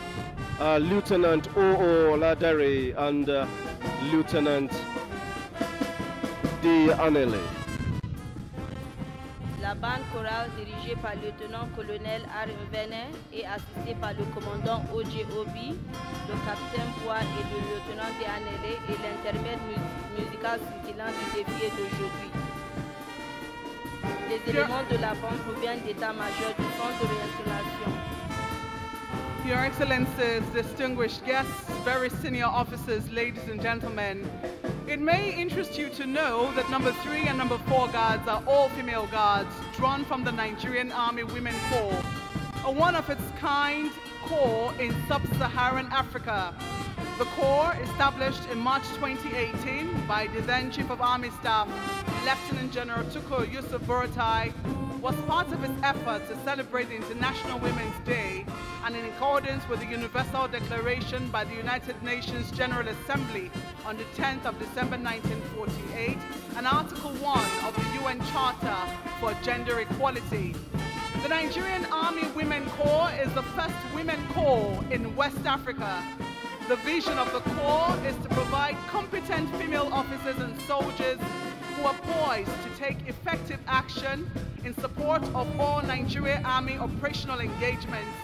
are Lieutenant O.O. Ladare and uh, Lieutenant La bande chorale dirigée par le lieutenant-colonel Venet et assistée par le commandant O.J. Obi, le capitaine Bois et le lieutenant de Annele et l'intermède musical scintillant du défi d'aujourd'hui. Les éléments de la bande proviennent d'état-major du Fonds de réinstallation. Your Excellencies, distinguished guests, very senior officers, ladies and gentlemen, It may interest you to know that number three and number four guards are all female guards drawn from the Nigerian Army Women Corps, a one of its kind corps in sub-Saharan Africa. The Corps, established in March 2018 by the then Chief of Army Staff, Lieutenant General Tukur Yusuf Buratai, was part of his effort to celebrate the International Women's Day and in accordance with the Universal Declaration by the United Nations General Assembly on the 10th of December 1948 and Article 1 of the UN Charter for Gender Equality. The Nigerian Army Women Corps is the first women corps in West Africa the vision of the Corps is to provide competent female officers and soldiers who are poised to take effective action in support of all Nigeria Army operational engagements,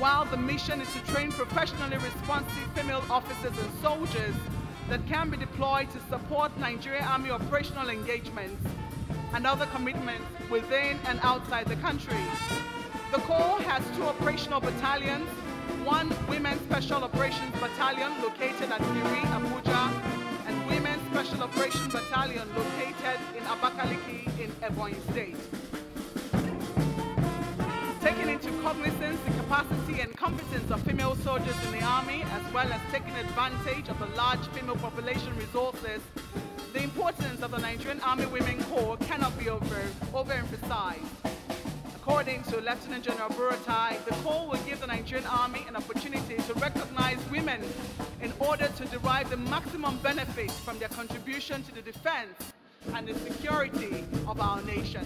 while the mission is to train professionally responsive female officers and soldiers that can be deployed to support Nigeria Army operational engagements and other commitments within and outside the country. The Corps has two operational battalions, 1 Women's Special Operations Battalion located at Kiri, Abuja, and Women's Special Operations Battalion located in Abakaliki in Ebonyi State. Taking into cognizance the capacity and competence of female soldiers in the Army, as well as taking advantage of the large female population resources, the importance of the Nigerian Army Women Corps cannot be over, overemphasized. According to Lieutenant General Buratai, the call will give the Nigerian Army an opportunity to recognize women in order to derive the maximum benefit from their contribution to the defense and the security of our nation.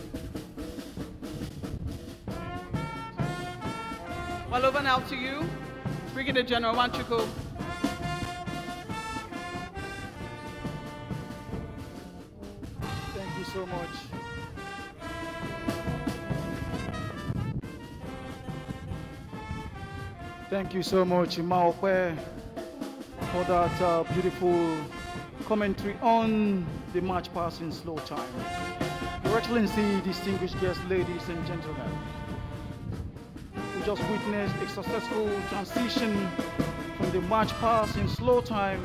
Well, over now to you, Brigadier General Wanchuku. Thank you so much. Thank you so much, Maokwe, for that uh, beautiful commentary on the match passing slow time. Your Excellency, distinguished guests, ladies and gentlemen, we just witnessed a successful transition from the match pass in slow time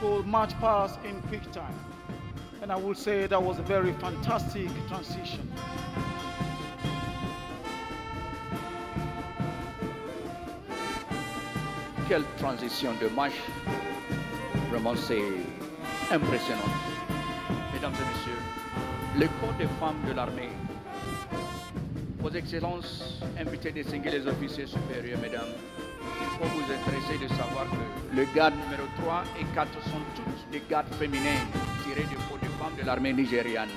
to match pass in quick time. And I would say that was a very fantastic transition. quelle transition de marche Vraiment, c'est impressionnant. Mesdames et messieurs, le corps des femmes de l'armée. Vos excellences, invités de singuliers les officiers supérieurs, mesdames, il faut vous intéresser de savoir que le garde numéro 3 et 4 sont toutes des gardes féminins tirés du corps des femmes de l'armée nigériane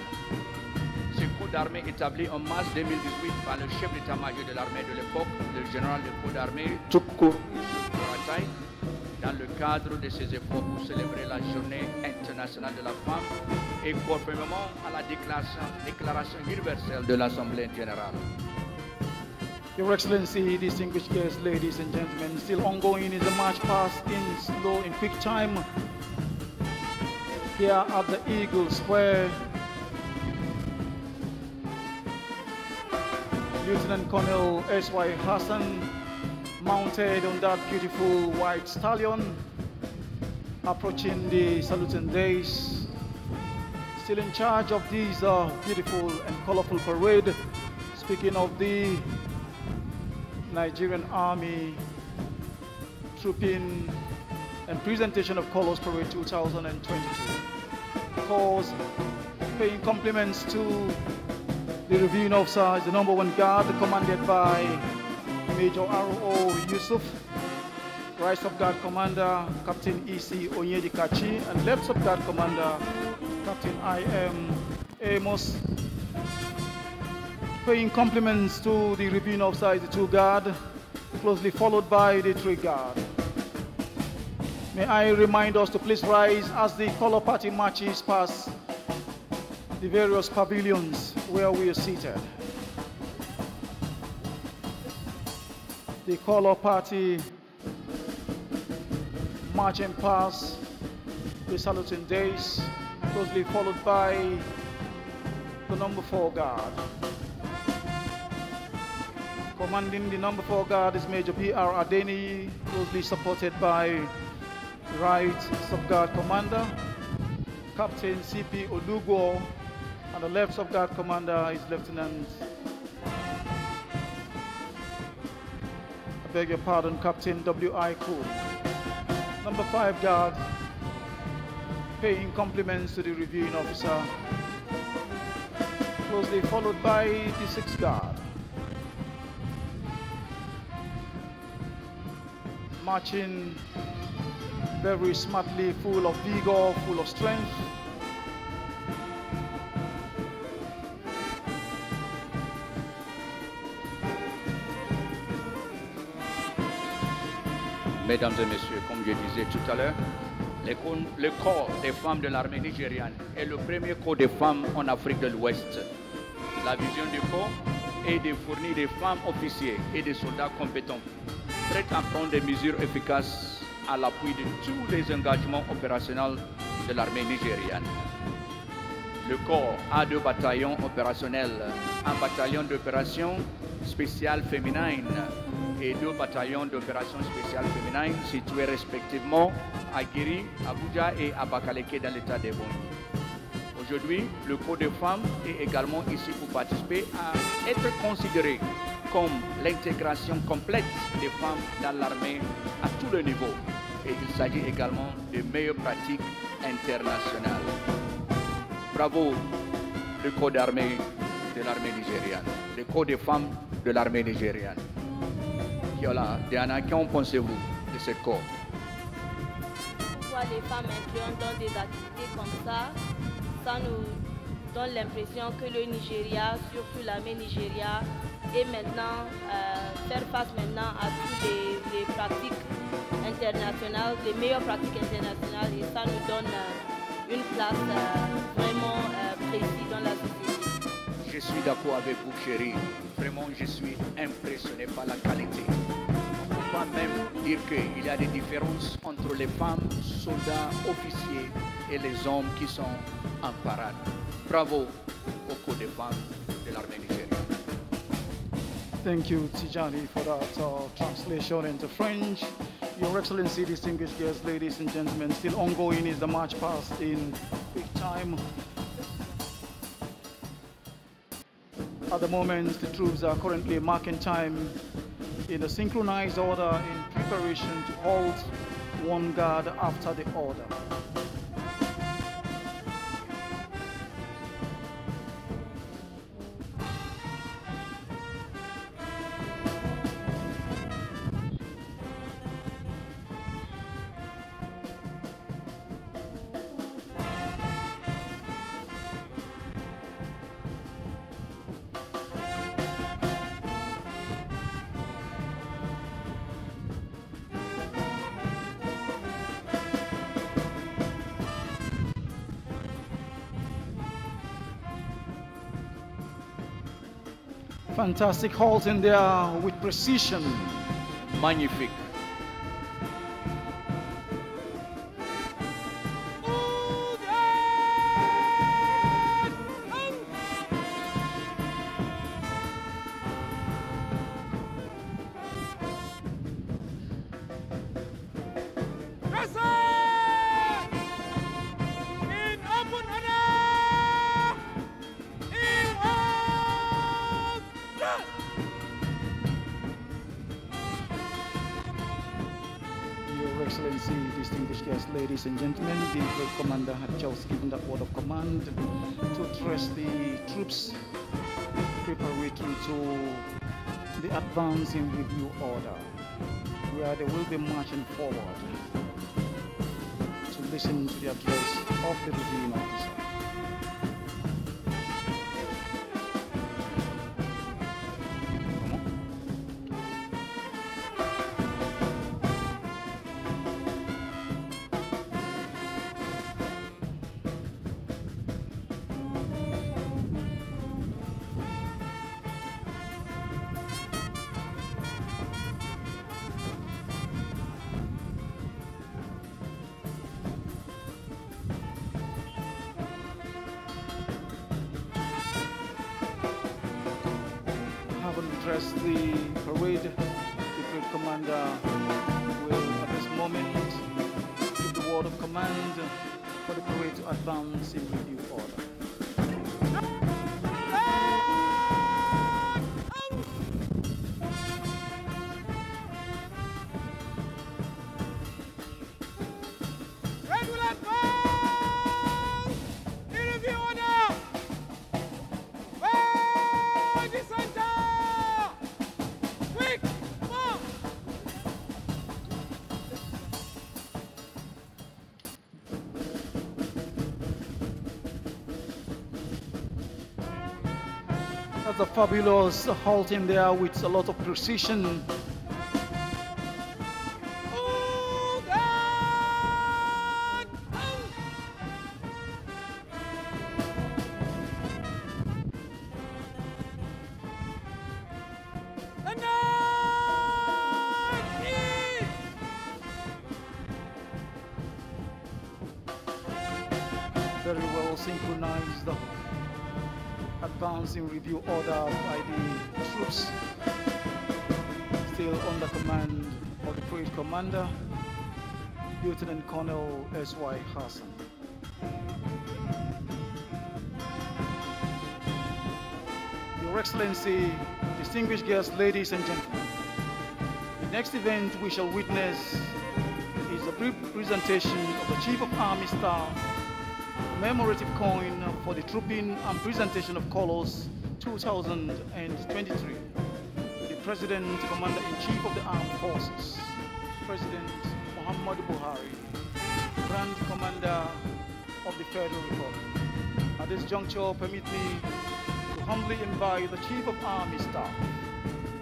d'armée établie en mars 2018 par le chef d'état-major de l'armée de l'époque, le général de corps d'armée court dans le cadre de ses efforts pour célébrer la journée internationale de la femme et conformément à la déclaration, déclaration universelle de l'Assemblée générale. Your Excellency, distinguished guests, ladies and gentlemen, still ongoing is the march past in slow and quick time. Here at the Eagle Square, Lieutenant Colonel S.Y. Hassan, mounted on that beautiful white stallion, approaching the saluting days, still in charge of this uh, beautiful and colorful parade. Speaking of the Nigerian Army trooping and presentation of Colors Parade 2022. Of course, paying compliments to the reviewing officer is the number one guard commanded by Major R.O. Yusuf. Right Guard Commander Captain E.C. Onyedikachi and Left of Guard Commander Captain I.M. Amos. Paying compliments to the reviewing officer is the two guard, closely followed by the three guard. May I remind us to please rise as the color party marches past the various pavilions where we are seated. The color party marching past the saluting days, closely followed by the number four guard. Commanding the number four guard is Major P.R. Adeni, closely supported by Right Sub Guard Commander, Captain C.P. Odugo, the left of guard commander is Lieutenant. I beg your pardon, Captain W.I. Cool. Number five guard, paying compliments to the reviewing officer. Closely followed by the sixth guard. Marching very smartly, full of vigor, full of strength. Mesdames et messieurs, comme je disais tout à l'heure, le corps des femmes de l'armée nigériane est le premier corps des femmes en Afrique de l'Ouest. La vision du corps est de fournir des femmes officiers et des soldats compétents, prêts à prendre des mesures efficaces à l'appui de tous les engagements opérationnels de l'armée nigériane. Le corps a deux bataillons opérationnels, un bataillon d'opération spéciale féminine et deux bataillons d'opérations spéciales féminines situés respectivement à Guiri, Abuja et à dans l'état des Aujourd'hui, le corps des femmes est également ici pour participer à être considéré comme l'intégration complète des femmes dans l'armée à tous les niveaux. Et il s'agit également des meilleures pratiques internationales. Bravo, le corps d'armée de l'armée nigériane, le corps des femmes de l'armée nigériane voilà, Diana, qu'en pensez-vous de ce corps Pourquoi les femmes incluantes dans des activités comme ça, ça nous donne l'impression que le Nigeria, surtout l'armée Nigeria, est maintenant, euh, faire face maintenant à toutes les, pratiques internationales, les meilleures pratiques internationales, et ça nous donne euh, une place euh, vraiment euh, précise dans la société suis d'accord avec vous, chérie. Vraiment, je suis impressionné par la qualité. On peut même dire qu'il y a des différences entre les femmes, soldats, officiers et les hommes qui sont en parade. Bravo aux corps des femmes de l'armée nigérienne. Thank you, Tijani, for that uh, translation into French. Your Excellency, distinguished guests, ladies and gentlemen, still ongoing is the march past in big time. At the moment, the troops are currently marking time in a synchronized order in preparation to halt one guard after the other. Fantastic holes in there with precision. Magnifique. advancing with new order, where they will be marching forward to listen to the address of the Redeemer Himself. fabulous halting there with a lot of precision Hassan. Your Excellency, distinguished guests, ladies and gentlemen, the next event we shall witness is a brief presentation of the Chief of Army Staff commemorative coin for the trooping and presentation of colors 2023. The President, Commander-in-Chief of the Armed Forces, President Muhammad Buhari. Commander of the Federal Republic. At this juncture, permit me to humbly invite the Chief of Army Staff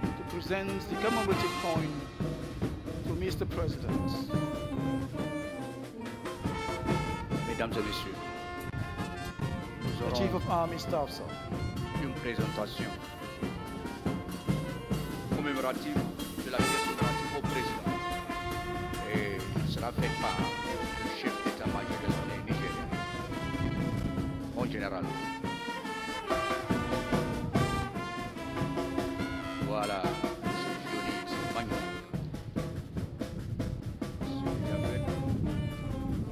to present the commemorative coin to Mr. President. Mesdames et Messieurs, the Chief of Army Staff, sir. une présentation commémorative de la vie commémorative au président. Et cela fait part